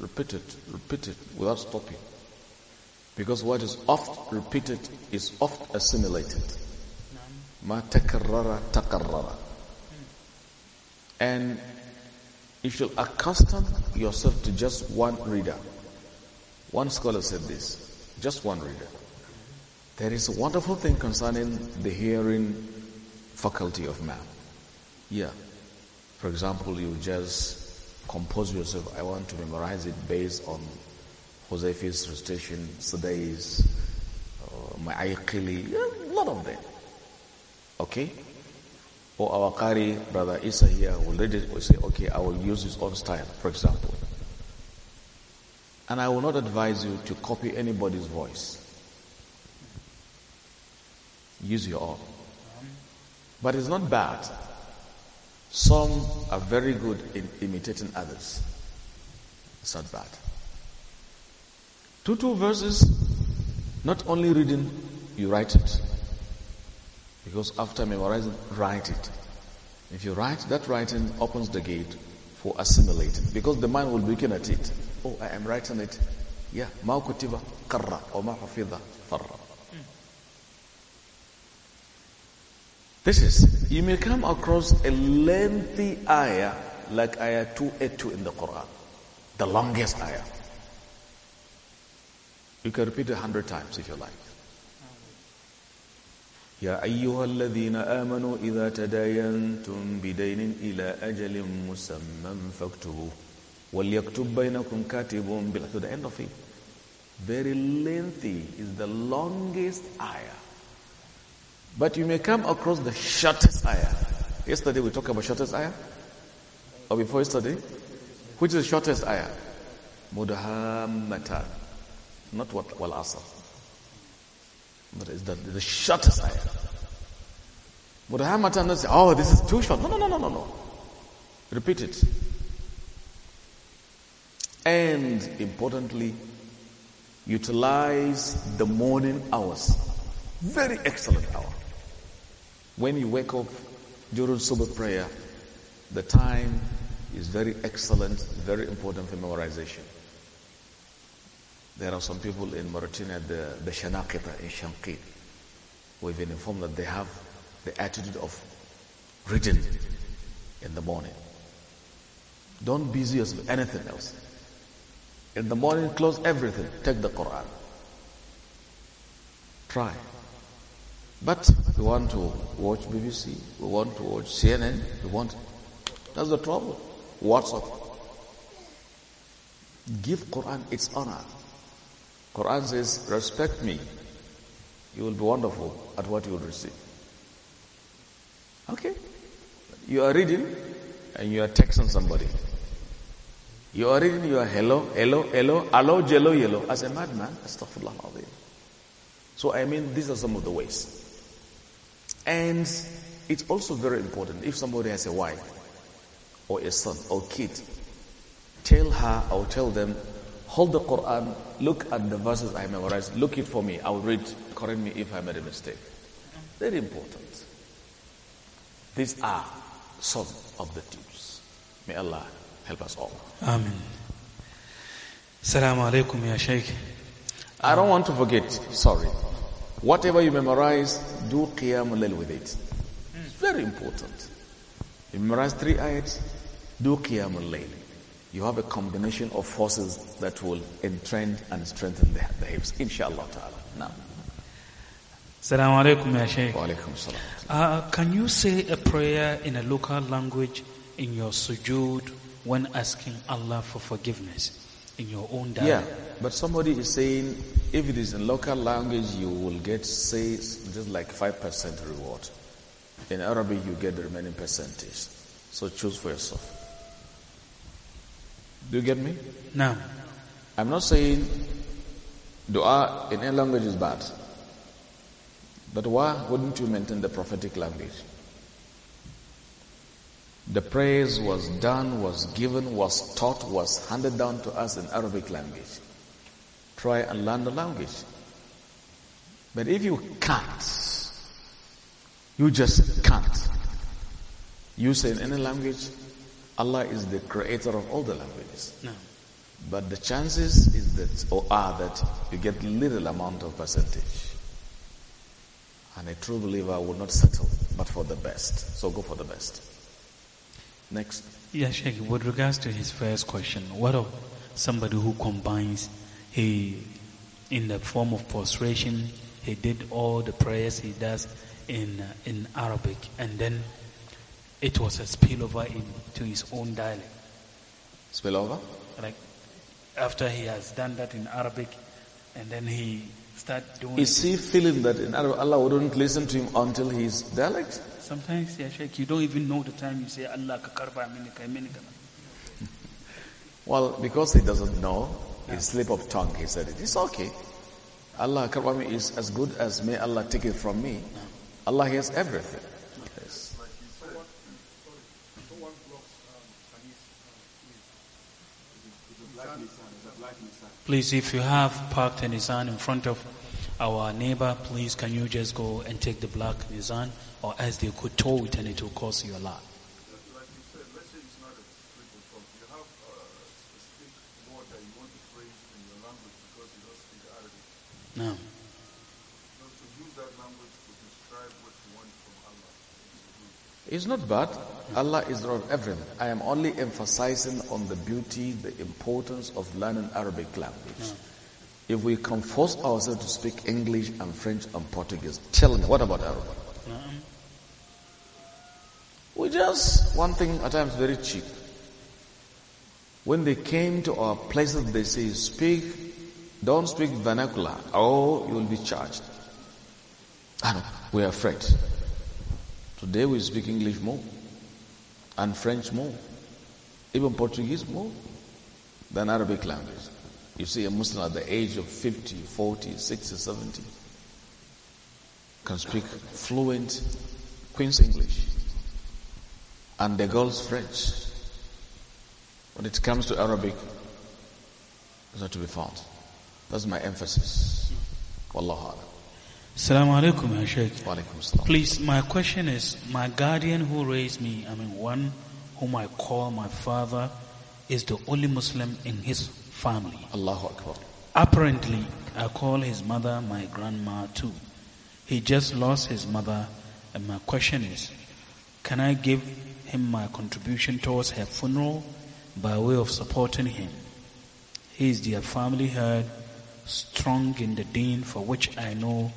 repeat it, repeat it without stopping. Because what is oft repeated is oft assimilated. Ma takarrara takarrara. And you should accustom yourself to just one reader. One scholar said this, just one reader. There is a wonderful thing concerning the hearing faculty of man. Yeah. For example, you just compose yourself. I want to memorize it based on Josefi's recitation, Sadai's, uh, Ma'aykili, a lot of them. Okay? Or our Qari, Brother Isa here, will read it, will say, okay, I will use his own style, for example. And I will not advise you to copy anybody's voice. Use your own. But it's not bad some are very good in imitating others. It's not bad. Two, two verses, not only reading, you write it. Because after memorizing, write it. If you write, that writing opens the gate for assimilating. Because the mind will be looking at it. Oh, I am writing it. Yeah, ma kutiba karra, or ma hafidha farra. This is, you may come across a lengthy ayah like ayah 282 in the Quran, the longest ayah. You can repeat it a hundred times if you like. يا أيها الذين آمنوا إذا تداينتم بدين إلى أجل مسمى فاكتبوه وليكتب بينكم كاتب The end of it. Very lengthy is the longest ayah. But you may come across the shortest ayah. Yesterday we talked about shortest ayah. Or before yesterday. Which is the shortest ayah? Mudahammatan. Not what wal asr. But it's the, the shortest ayah. Mudahammatan doesn't say, oh, this is too short. No, no, no, no, no, no. Repeat it. And importantly, utilize the morning hours. Very excellent hour. When you wake up during Subh prayer, the time is very excellent, very important for memorization. There are some people in Mauritania, the, the Shanakita in Shanqid, who have been informed that they have the attitude of reading in the morning. Don't busy yourself with anything else. In the morning, close everything. Take the Quran. Try. But we want to watch BBC, we want to watch CNN, we want. That's the trouble. WhatsApp. Give Quran its honor. Quran says, respect me. You will be wonderful at what you will receive. Okay. You are reading and you are texting somebody. You are reading your hello, hello, hello, hello, hello, yellow as a madman. Astaghfirullah. So I mean, these are some of the ways. And it's also very important if somebody has a wife or a son or kid, tell her or tell them, hold the Quran, look at the verses I memorized, look it for me, I'll read, correct me if I made a mistake. Very important. These are some of the tips. May Allah help us all. Amen. Assalamu alaikum, ya Shaykh. I don't want to forget, sorry. Whatever you memorize, do Qiyamul Layl with it. It's very important. You memorize three ayats, do Qiyamul Layl. You have a combination of forces that will entrench and strengthen the, the hips, inshallah ta'ala. Now. Assalamu alaikum, Ya Shaykh. Wa alaikum salam. Uh, can you say a prayer in a local language in your sujood when asking Allah for forgiveness in your own dialect? Yeah. But somebody is saying, if it is in local language, you will get, say, just like 5% reward. In Arabic, you get the remaining percentage. So choose for yourself. Do you get me? No. I'm not saying dua in any language is bad. But why wouldn't you maintain the prophetic language? The praise was done, was given, was taught, was handed down to us in Arabic language try and learn the language. But if you can't, you just can't. You say in any language, Allah is the creator of all the languages. No. But the chances is that or are that you get little amount of percentage. And a true believer will not settle but for the best. So go for the best. Next. Yeah, Sheikh, with regards to his first question, what of somebody who combines he, in the form of prostration, he did all the prayers he does in, in Arabic. And then it was a spillover into his own dialect. Spillover? Like, after he has done that in Arabic, and then he start doing. Is he feeling that in Arabic Allah wouldn't listen to him until his dialect? Sometimes, yeah, Sheikh, you don't even know the time you say Allah kakarba Well, because he doesn't know, in slip of tongue, he said it. It's okay. Allah Karami is as good as may Allah take it from me. Allah has everything. Yes. Please, if you have parked a Nissan in front of our neighbor, please can you just go and take the black Nissan or else they could tow it and it will cost you a lot. No. It's not bad. Allah is Lord of everything. I am only emphasizing on the beauty, the importance of learning Arabic language. No. If we can force ourselves to speak English and French and Portuguese, tell me, what about Arabic? No. We just, one thing at times very cheap. When they came to our places, they say, speak don't speak vernacular or you will be charged. And ah, we are afraid. Today we speak English more and French more, even Portuguese more than Arabic language. You see a Muslim at the age of 50, 40, 60, 70 can speak fluent Queen's English and the girls French. When it comes to Arabic, it's not to be found. That's my emphasis. Wallahu alam. Assalamu alaikum, Sheikh. Wa alaikum Please, my question is, my guardian who raised me, I mean one whom I call my father, is the only Muslim in his family. Allahu Akbar. Apparently, I call his mother my grandma too. He just lost his mother and my question is, can I give him my contribution towards her funeral by way of supporting him? He is their family head strong in the deen for which I know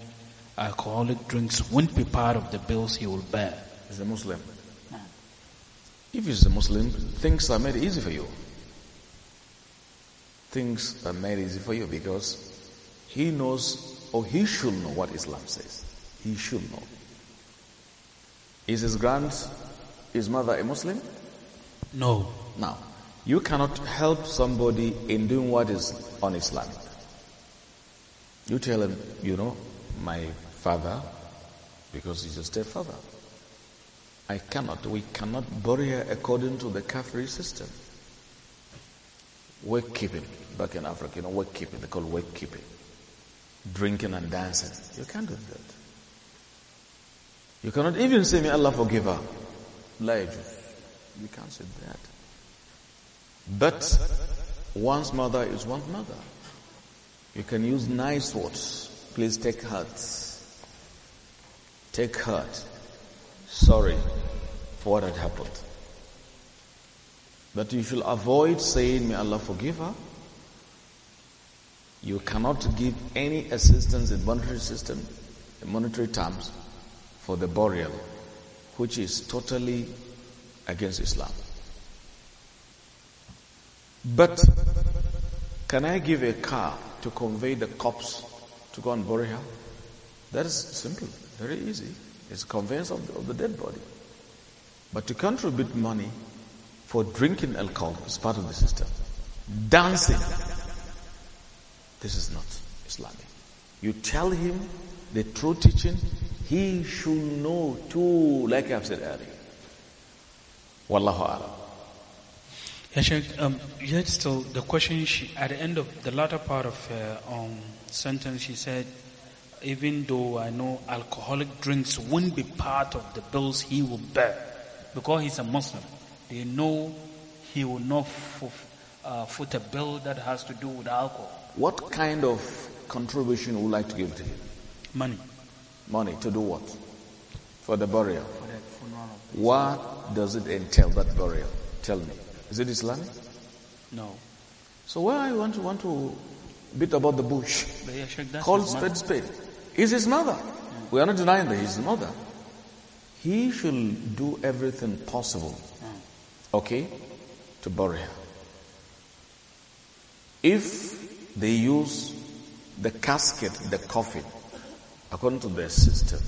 alcoholic drinks won't be part of the bills he will bear. He's a Muslim. If he's a Muslim, things are made easy for you. Things are made easy for you because he knows or he should know what Islam says. He should know. Is his grand, his mother a Muslim? No. Now, you cannot help somebody in doing what is on Islam. You tell him, you know, my father, because he's a stepfather. I cannot, we cannot bury her according to the Kafri system. Work keeping, back in Africa, you know, work keeping, they call work keeping. Drinking and dancing. You can't do that. You cannot even say, May Allah forgive her. Life. You can't say that. But one's mother is one's mother. You can use nice words. Please take heart. Take heart. Sorry for what had happened. But you should avoid saying, May Allah forgive her. You cannot give any assistance in monetary system, in monetary terms, for the burial, which is totally against Islam. But can I give a car to convey the corpse to go and bury her? That is simple, very easy. It's conveyance of the, of the dead body. But to contribute money for drinking alcohol is part of the system. Dancing, this is not Islamic. You tell him the true teaching, he should know too, like I've said earlier. Wallahu alam. Yeah, um, yet still, the question she, at the end of the latter part of her uh, um, sentence, she said, even though I know alcoholic drinks won't be part of the bills he will bear, because he's a Muslim, they know he will not uh, foot a bill that has to do with alcohol. What kind of contribution would you like to give to him? Money. Money to do what? For the burial. For the funeral. What does it entail that burial? Tell me. Is it Islamic? No. So why you want to want to bit about the bush? Call spade spade. Is his mother? Yeah. We are not denying that he's his mother. He should do everything possible, oh. okay, to bury her. If they use the casket, the coffin, according to their system,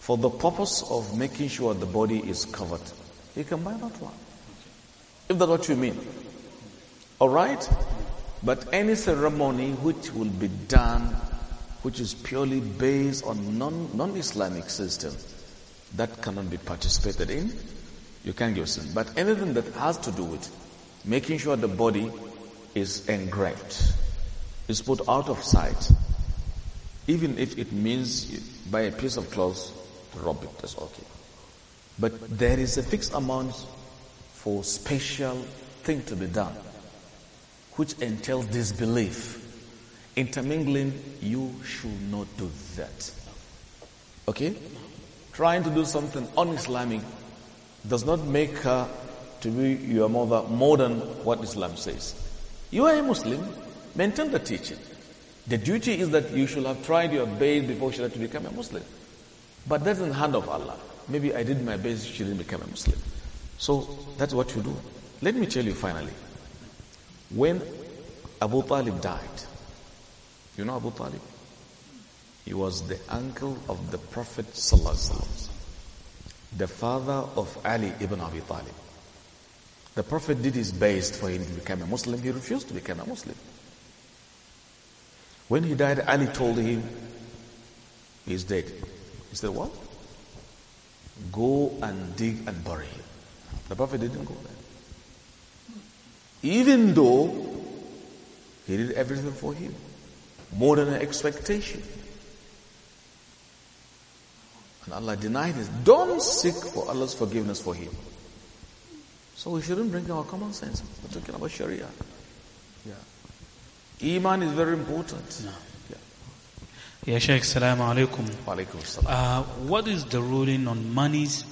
for the purpose of making sure the body is covered, he can buy that one. If that's what you mean. Alright? But any ceremony which will be done, which is purely based on non, islamic system, that cannot be participated in. You can give sin. But anything that has to do with making sure the body is engraved, is put out of sight, even if it means by a piece of cloth to rub it, that's okay. But there is a fixed amount for special thing to be done, which entails disbelief. Intermingling, you should not do that. Okay? Trying to do something un-Islamic does not make her to be your mother more than what Islam says. You are a Muslim, maintain the teaching. The duty is that you should have tried your best before she had to become a Muslim. But that's in the hand of Allah. Maybe I did my best, she didn't become a Muslim. So that's what you do. Let me tell you finally. When Abu Talib died, you know Abu Talib? He was the uncle of the Prophet the father of Ali ibn Abi Talib. The Prophet did his best for him to become a Muslim. He refused to become a Muslim. When he died, Ali told him, He's dead. He said, What? Go and dig and bury him. The Prophet didn't go there. Even though he did everything for him, more than an expectation. And Allah denied this. Don't seek for Allah's forgiveness for him. So we shouldn't bring our common sense. We're talking about Sharia. Yeah. Iman is very important. No. Yeah, Shaykh, Salaam alaikum. Wa alaikum uh, what is the ruling on monies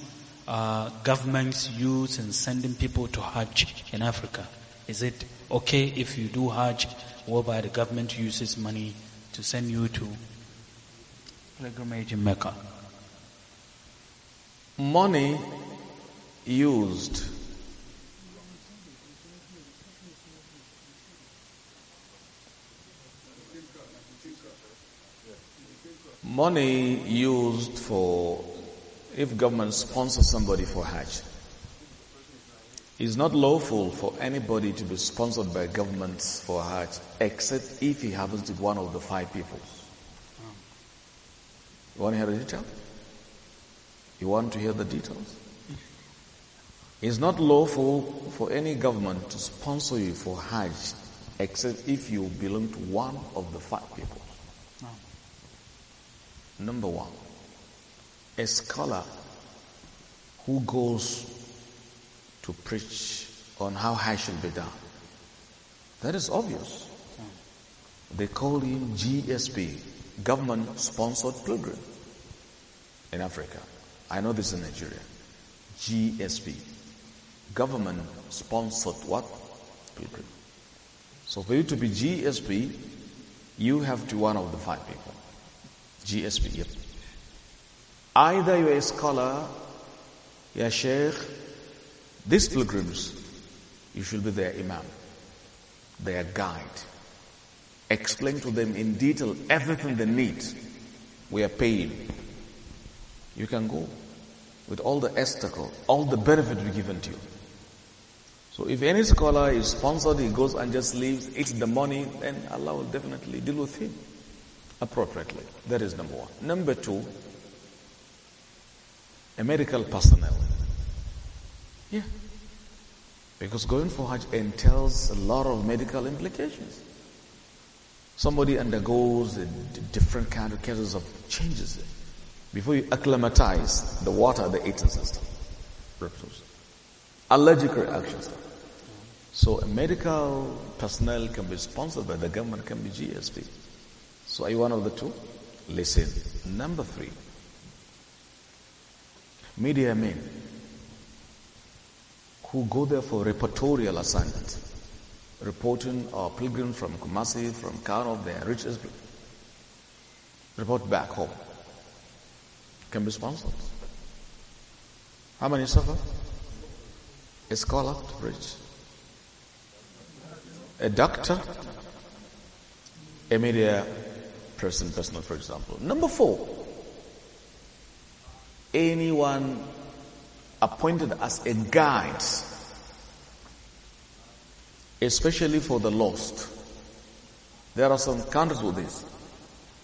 uh, governments use in sending people to Hajj in Africa? Is it okay if you do Hajj whereby the government uses money to send you to pilgrimage in Mecca? Money used money used for if government sponsors somebody for Hajj. It's not lawful for anybody to be sponsored by government for Hajj except if he happens to be one of the five people. You want to hear the detail? You want to hear the details? It's not lawful for any government to sponsor you for Hajj except if you belong to one of the five people. Number one a scholar who goes to preach on how high should be done. That is obvious. They call him GSP, government sponsored pilgrim in Africa. I know this in Nigeria. GSP, government sponsored what? Pilgrim. So for you to be GSP, you have to be one of the five people. GSP, yep. Either you're a scholar, you're a sheikh, these pilgrims, you should be their imam, their guide. Explain to them in detail everything they need. We are paying. You can go with all the obstacle, all the benefit we given to you. So if any scholar is sponsored, he goes and just leaves, eats the money, then Allah will definitely deal with him appropriately. That is number one. Number two, a medical personnel. Yeah. Because going for Hajj entails a lot of medical implications. Somebody undergoes different kind of cases of changes before you acclimatize the water, the eating system, allergic reactions. So medical personnel can be sponsored by the government, can be GSP. So are you one of the two? Listen. Number three media men who go there for reportorial assignment, reporting our pilgrims from Kumasi, from Kano, their riches, report back home, can be sponsored. How many suffer? A scholar, preach, A doctor, a media person, personal, for example. Number four, anyone appointed as a guide, especially for the lost. There are some countries with this.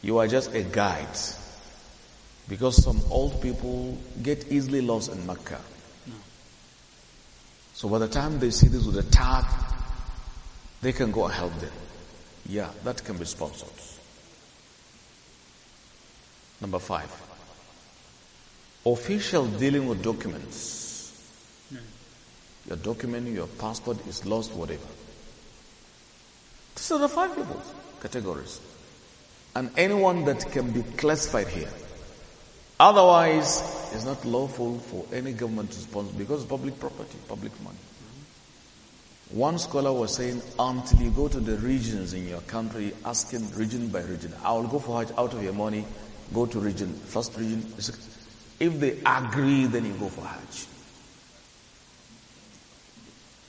You are just a guide. Because some old people get easily lost in Mecca. So by the time they see this with a tag, they can go and help them. Yeah, that can be sponsored. Number five official dealing with documents. Your document, your passport is lost, whatever. So the five people categories. And anyone that can be classified here. Otherwise, it's not lawful for any government to sponsor because public property, public money. One scholar was saying, until you go to the regions in your country, asking region by region, I will go for Hajj out of your money, go to region, first region. If they agree, then you go for Hajj.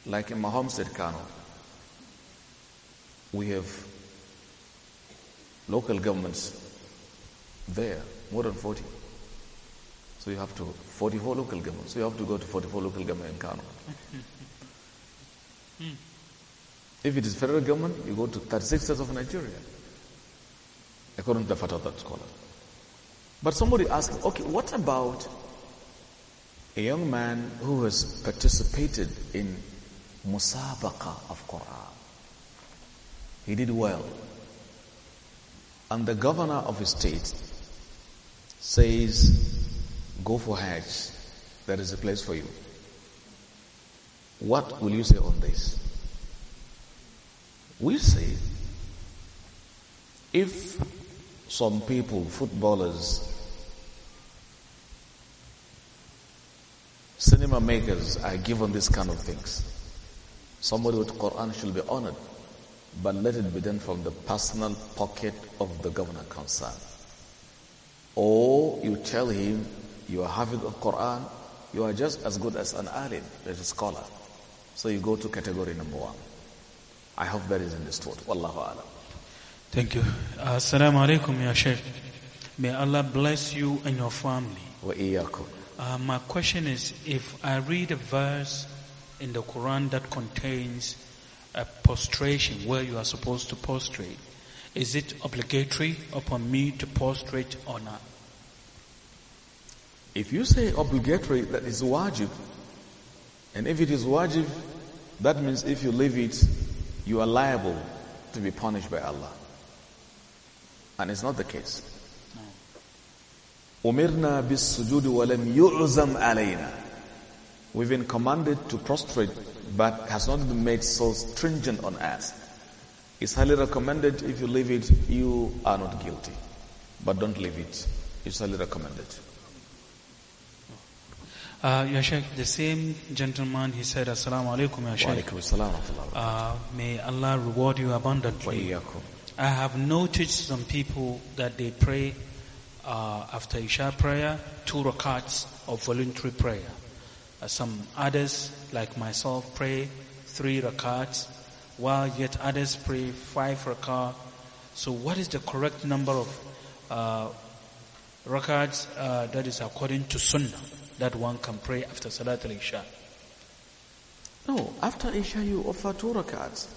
Like in my said, Kano, we have local governments there, more than 40. So you have to, 44 local governments. So you have to go to 44 local government in Kano. If it is federal government, you go to 36 states of Nigeria, according to the Fatah that scholar. But somebody asked, okay, what about a young man who has participated in musabaqa of Quran? He did well. And the governor of his state says, go for Hajj. That is a place for you. What will you say on this? We say, if some people, footballers, cinema makers are given these kind of things. Somebody with Quran should be honored, but let it be done from the personal pocket of the governor concerned. Or you tell him you are having a Quran, you are just as good as an alim, as a scholar. So you go to category number one. I hope that is understood. Wallahu alam. Thank you. Assalamu alaikum, Ya Sheikh. May Allah bless you and your family. Wa uh, my question is if I read a verse in the Quran that contains a prostration where you are supposed to prostrate, is it obligatory upon me to prostrate or not? If you say obligatory, that is wajib. And if it is wajib, that means if you leave it, you are liable to be punished by Allah. And it's not the case. Umirna bis walam yu'zam alayna. We've been commanded to prostrate, but has not been made so stringent on us. It's highly recommended. If you leave it, you are not guilty. But don't leave it. It's highly recommended. Uh, ya Sheikh, the same gentleman, he said, Assalamu alaikum, Ya Sheikh. Wa alaikum Uh, may Allah reward you abundantly. Wa I have noticed some people that they pray uh, after Isha prayer, two rakats of voluntary prayer. Uh, some others, like myself, pray three rakats, while yet others pray five rakat. So what is the correct number of uh, rakats uh, that is according to sunnah that one can pray after Salat al-Isha? No, after Isha you offer two rakats.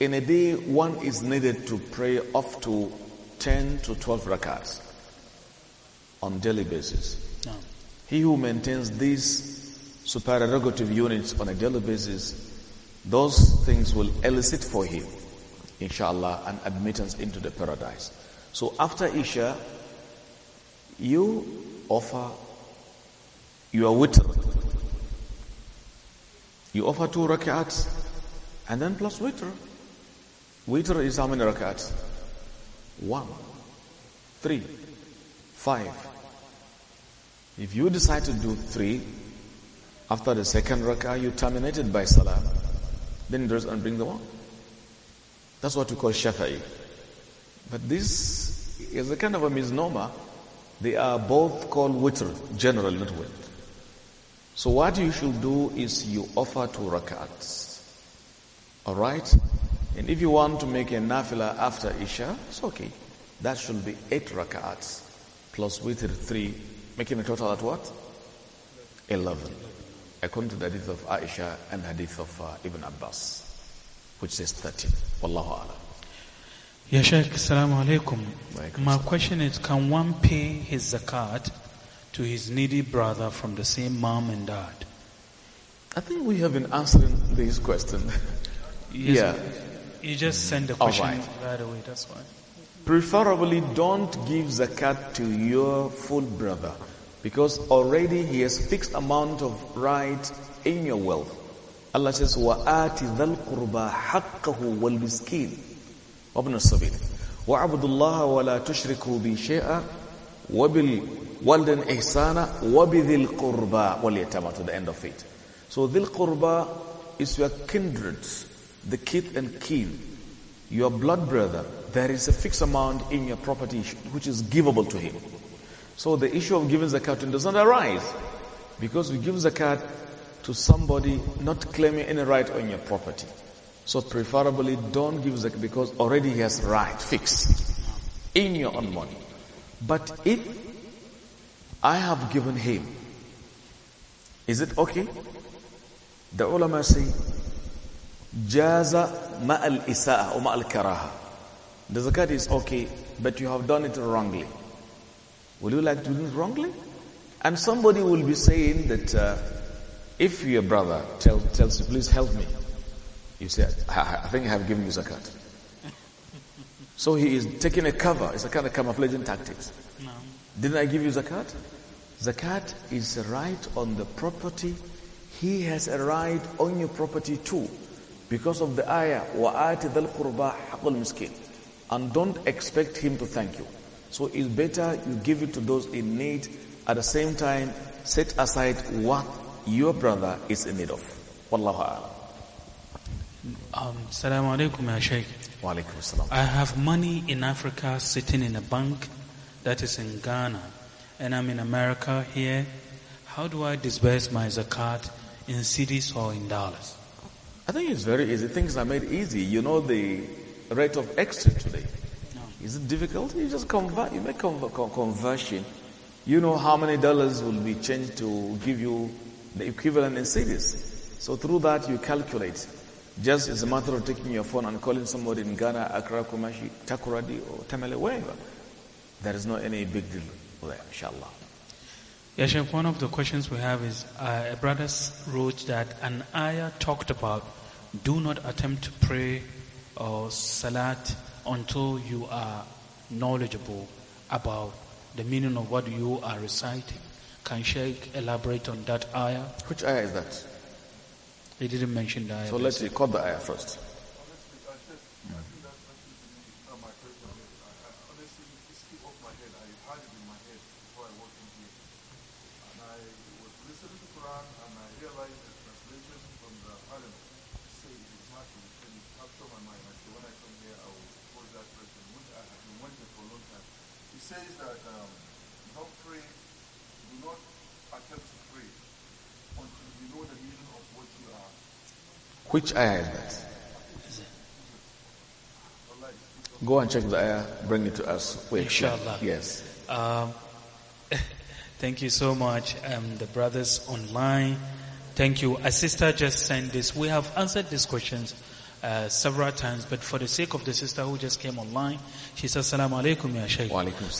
In a day, one is needed to pray up to 10 to 12 rakats on daily basis. No. He who maintains these supererogative units on a daily basis, those things will elicit for him, inshallah, an admittance into the paradise. So after Isha, you offer your witr. You offer two rakats and then plus witr. Witr is how many rakats? One, three, five. If you decide to do three, after the second rak'ah, you terminate by salah. Then dress and bring the one. That's what we call shafa'i. But this is a kind of a misnomer. They are both called witr, general, not witr. So what you should do is you offer two rak'ats. Alright? And if you want to make a nafila after Isha, it's okay. That should be eight rak'ats plus witr three, making a total at what? Eleven. According to the hadith of Aisha and hadith of uh, Ibn Abbas, which says thirteen. Wallahu a'lam. Ya Shaykh, Assalamu alaikum. My question is, can one pay his zakat to his needy brother from the same mom and dad? I think we have been answering this question. Yes, yeah. You just mm-hmm. send a question right. right away, that's why. Preferably don't give zakat to your full brother because already he has fixed amount of right in your wealth. Allah says, وَآتِ ذَا الْقُرْبَى حَقَّهُ وَالْمِسْكِينَ وَابْنَ السَّبِيلِ وَعَبُدُ اللَّهَ وَلَا تُشْرِكُوا بِهِ شَيْئًا وَبِالْوَالِدَيْنِ إِحْسَانًا وَبِذِي الْقُرْبَى وَالْيَتَامَى to the end of it. So ذِي الْقُرْبَى is your kindred the kith and kin, your blood brother, there is a fixed amount in your property which is givable to him. So the issue of giving zakat does not arise because we give zakat to somebody not claiming any right on your property. So preferably don't give zakat because already he has right fixed in your own money. But if I have given him, is it okay? The ulama say Jaza ma'al isaa or ma'al karaha. The zakat is okay, but you have done it wrongly. Would you like to do it wrongly? And somebody will be saying that uh, if your brother tell, tells you, please help me, you say, I, I think I have given you zakat. so he is taking a cover. It's a kind of camouflaging tactics. No. Didn't I give you zakat? Zakat is a right on the property. He has a right on your property too because of the ayah وَآتِ ذَا qurba haqul miskin and don't expect him to thank you. So it's better you give it to those in need. At the same time, set aside what your brother is in need of. Wallahu a'lam. Um, Assalamu alaikum, ya Wa alaikum assalam. I have money in Africa sitting in a bank that is in Ghana, and I'm in America here. How do I disburse my zakat in cities or in dollars? I think it's very easy. Things are made easy. You know the rate of exit today. No. Is it difficult? You just convert, you make con conversion. You know how many dollars will be changed to give you the equivalent in cities. So through that you calculate. Just as a matter of taking your phone and calling somebody in Ghana, Accra, Kumashi, Takoradi or Tamale, wherever. There is not any big deal there, inshallah. Yes, one of the questions we have is uh, a brother wrote that an ayah talked about do not attempt to pray or salat until you are knowledgeable about the meaning of what you are reciting. Can Sheikh elaborate on that ayah? Which ayah is that? He didn't mention the ayah. So let's recall the ayah first. Which ayah is that? Go and check the ayah, bring it to us. Wait, Inshallah. Yes. Um, thank you so much, um, the brothers online. Thank you. A sister just sent this. We have answered these questions uh, several times, but for the sake of the sister who just came online, she says, Assalamu alaikum, ya Shaykh.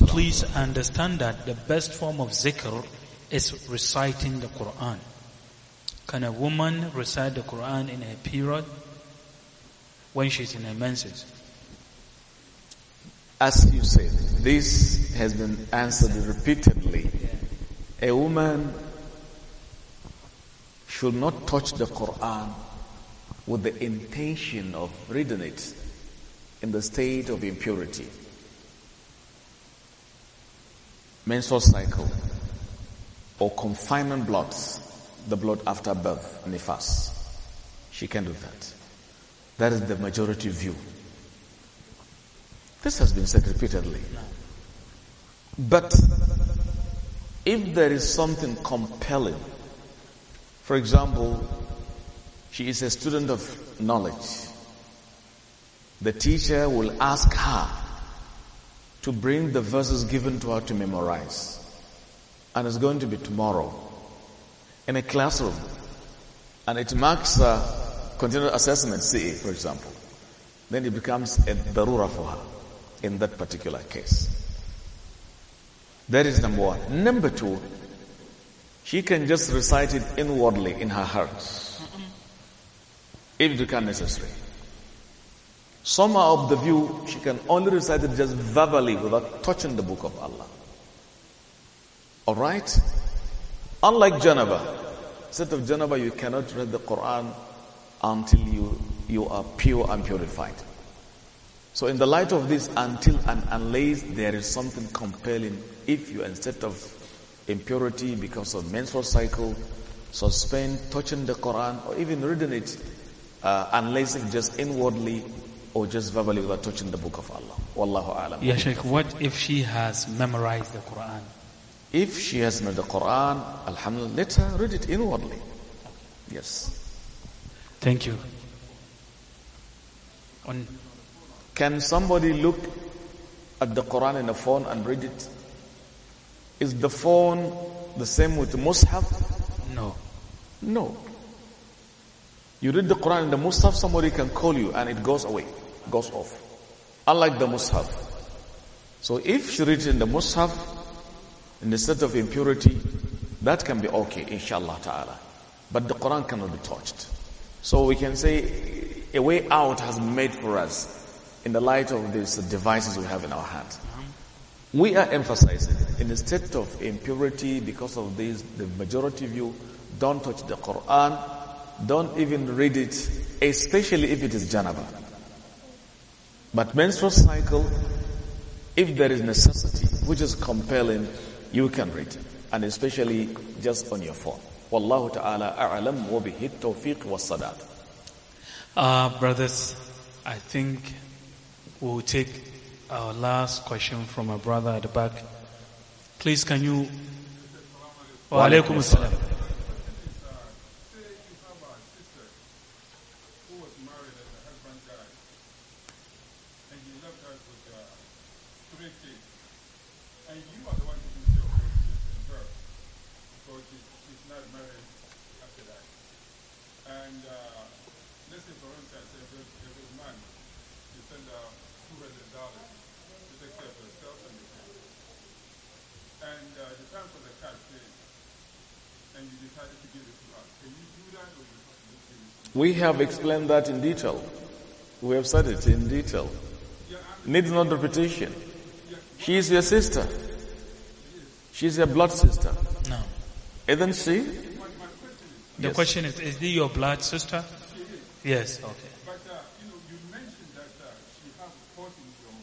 Please understand that the best form of zikr is reciting the Quran. Can a woman recite the Quran in her period when she's in her menses? As you said, this has been answered repeatedly. A woman should not touch the Quran with the intention of reading it in the state of impurity. Menstrual cycle or confinement blocks the blood after birth nifas. fast. She can do that. That is the majority view. This has been said repeatedly. But if there is something compelling, for example, she is a student of knowledge, the teacher will ask her to bring the verses given to her to memorize. And it's going to be tomorrow in a classroom and it marks a continual assessment, CA, for example, then it becomes a darura for her in that particular case. That is number one. Number two, she can just recite it inwardly in her heart if it becomes necessary. Some are of the view she can only recite it just verbally without touching the book of Allah. All right? Unlike Janaba, instead of Janaba, you cannot read the Quran until you, you are pure and purified. So in the light of this, until and unless there is something compelling, if you instead of impurity because of menstrual cycle, suspend touching the Quran or even reading it, uh, unless it just inwardly or just verbally without touching the book of Allah. Wallahu alam. Yeah, Sheikh, what if she has memorized the Quran? If she has read the Quran, Alhamdulillah, let her read it inwardly. Yes. Thank you. On. Can somebody look at the Quran in the phone and read it? Is the phone the same with the Mus'haf? No. No. You read the Quran in the Mus'haf, somebody can call you and it goes away, goes off. Unlike the Mus'haf. So if she reads in the Mus'haf, in the state of impurity, that can be okay, inshallah ta'ala. But the Quran cannot be touched. So we can say a way out has been made for us in the light of these devices we have in our hand. We are emphasizing in the state of impurity because of this, the majority view, don't touch the Quran, don't even read it, especially if it is janaba. But menstrual cycle, if there is necessity, which is compelling, you can read, and especially just on your phone. Wallahu ta'ala a'lam wa bihi tawfiq wa sadat. Uh, brothers, I think we'll take our last question from a brother at the back. Please, can you... Wa alaikum assalam. We have explained that in detail. We have said it in detail. Needs not repetition. She is your sister. She is your blood sister. No. Isn't she? The yes. question is, is he your blood sister? Yes, okay. But, uh, you know, you mentioned that uh, she has thought in your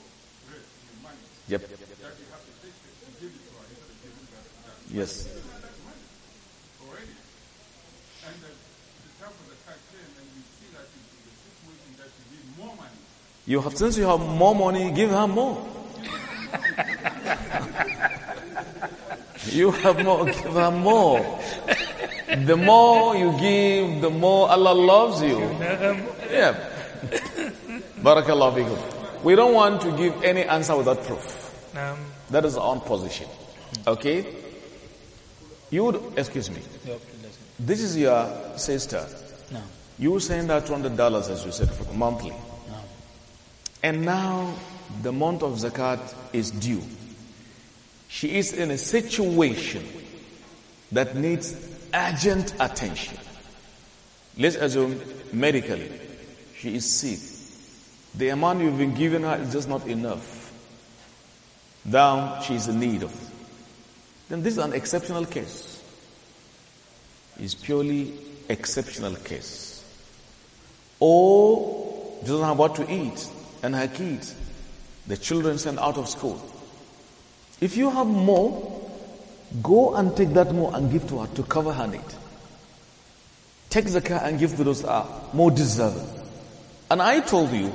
breast, in your mind. Yep. That you have to take it and give it to her instead of Yes. You have, since you have more money, give her more. you have more, give her more. The more you give, the more Allah loves you. Yeah. Barakallah bikum. We don't want to give any answer without proof. that is our position. Okay? You would, excuse me. This is your sister. You send her $200 as you said monthly. And now the month of zakat is due. She is in a situation that needs urgent attention. Let's assume medically she is sick. The amount you've been giving her is just not enough. Now she is in need of. Then this is an exceptional case. It's purely exceptional case. Or she doesn't have what to eat and her kids. The children sent out of school. If you have more, go and take that more and give to her to cover her need. Take zakah and give to those that are more deserving. And I told you,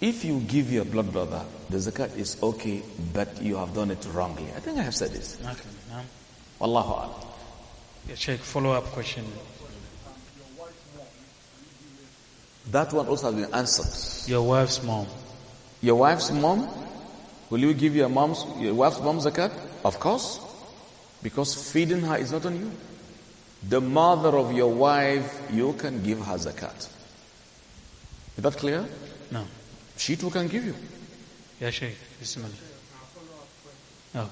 if you give your blood brother, the zakat is okay, but you have done it wrongly. I think I have said this. Okay, ma'am. Wallahu a'lam. Yeah, Sheikh, follow-up question. That one also has been answered. Your wife's mom. Your wife's mom? Will you give your mom's, your wife's mom zakat? Of course. Because feeding her is not on you. The mother of your wife, you can give her zakat. Is that clear? No. She too can give you. Yeah, Sheikh. Okay.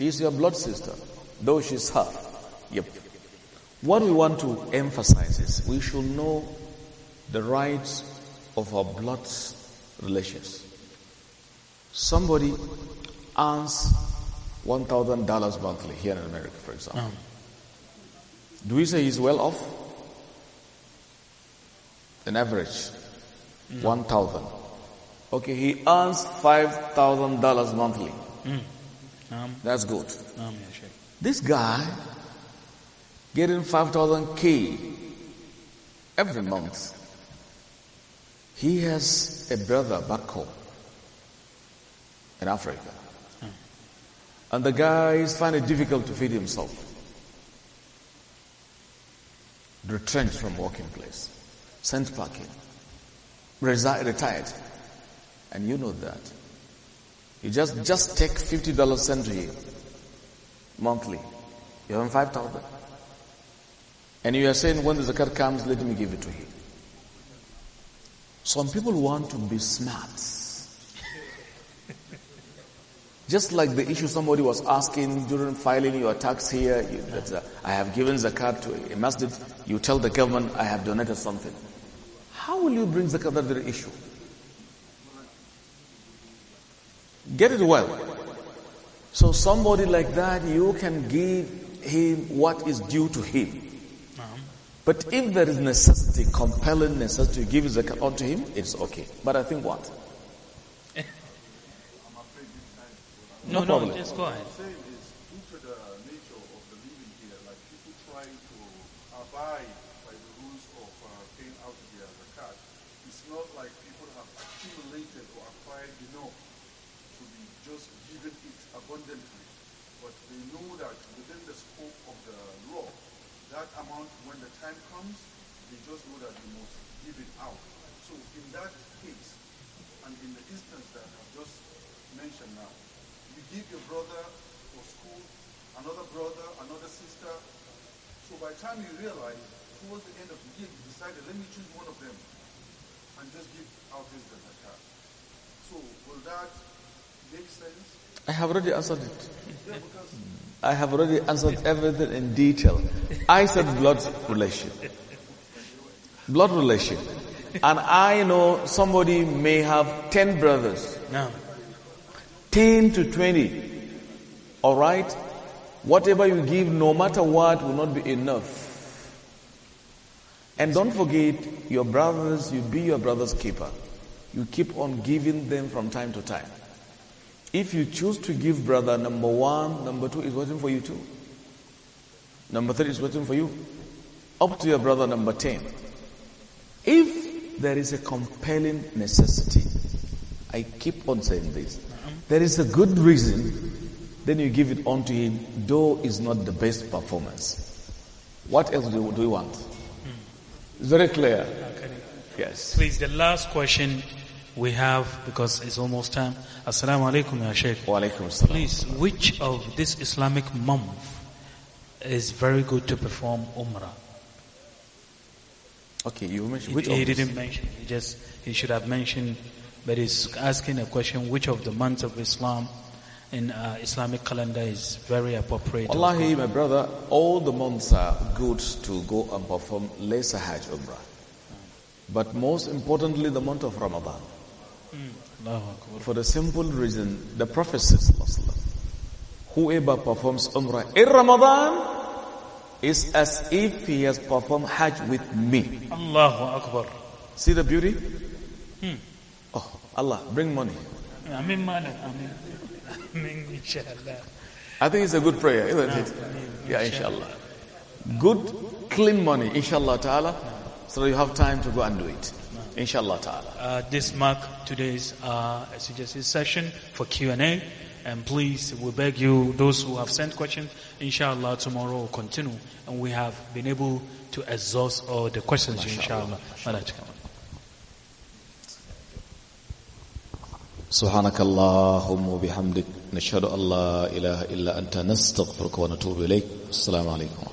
She is your blood sister, though she's her. Yep. What we want to emphasize is we should know the rights of our blood relations. Somebody earns $1,000 monthly here in America, for example. Um. Do we say he's well off? An average, mm. 1,000. Okay, he earns $5,000 monthly. Mm. That's good. This guy getting 5,000k every month. He has a brother back home in Africa. Hmm. And the is finding it difficult to feed himself. Retrenched from working place. Sent packing. Retired. And you know that. You just, just take $50 sent to you monthly. You earn 5,000. And you are saying, when the zakat comes, let me give it to him. Some people want to be smart. Just like the issue somebody was asking during filing your tax here, you, uh, I have given zakat to a masjid, you tell the government, I have donated something. How will you bring zakat under the issue? Get it well. So somebody like that, you can give him what is due to him. But if there is necessity, compelling necessity to give zakat unto him, it's okay. But I think what? no, no, no just go ahead. due to the nature of the living here, like people trying to abide abundantly, but they know that within the scope of the law, that amount, when the time comes, they just know that they must give it out. So in that case, and in the instance that I've just mentioned now, you give your brother for school, another brother, another sister. So by the time you realize, towards the end of the year, you decided, let me choose one of them and just give out his zakat. So will that make sense? I have already answered it. I have already answered everything in detail. I said blood relation. Blood relation. And I know somebody may have 10 brothers. No. 10 to 20. Alright? Whatever you give, no matter what, will not be enough. And don't forget, your brothers, you be your brother's keeper. You keep on giving them from time to time. If you choose to give brother, number one, number two is waiting for you too. Number three is waiting for you. Up to your brother, number ten. If there is a compelling necessity, I keep on saying this, there is a good reason, then you give it on to him, though it's not the best performance. What else do, do we want? It's very clear. Yes. Please, the last question we have, because it's almost time. Assalamu alaikum, Ya Sheikh. Wa alaikum assalam. Please, which of this Islamic month is very good to perform Umrah? Okay, you mentioned which he, he didn't mention. He just he should have mentioned, but he's asking a question: which of the months of Islam in uh, Islamic calendar is very appropriate? Wallahi, my brother, all the months are good to go and perform lesser Hajj Umrah, but most importantly, the month of Ramadan. For the simple reason, the Prophet says, whoever performs Umrah in Ramadan is as if he has performed Hajj with me. Allahu Akbar. See the beauty? Hmm. Oh, Allah, bring money. Amin, Amin. Amin, inshallah. I think it's a good prayer, isn't it? Yeah, inshallah. Good, clean money, inshallah ta'ala. So you have time to go and do it inshallah ta'ala. Uh, this mark today's uh, suggested session for Q&A. And please, we beg you, those who have sent questions, inshallah, tomorrow will continue. And we have been able to exhaust all the questions, inshallah. سبحانك اللهم وبحمدك نشهد ان لا اله الا انت نستغفرك ونتوب اليك السلام عليكم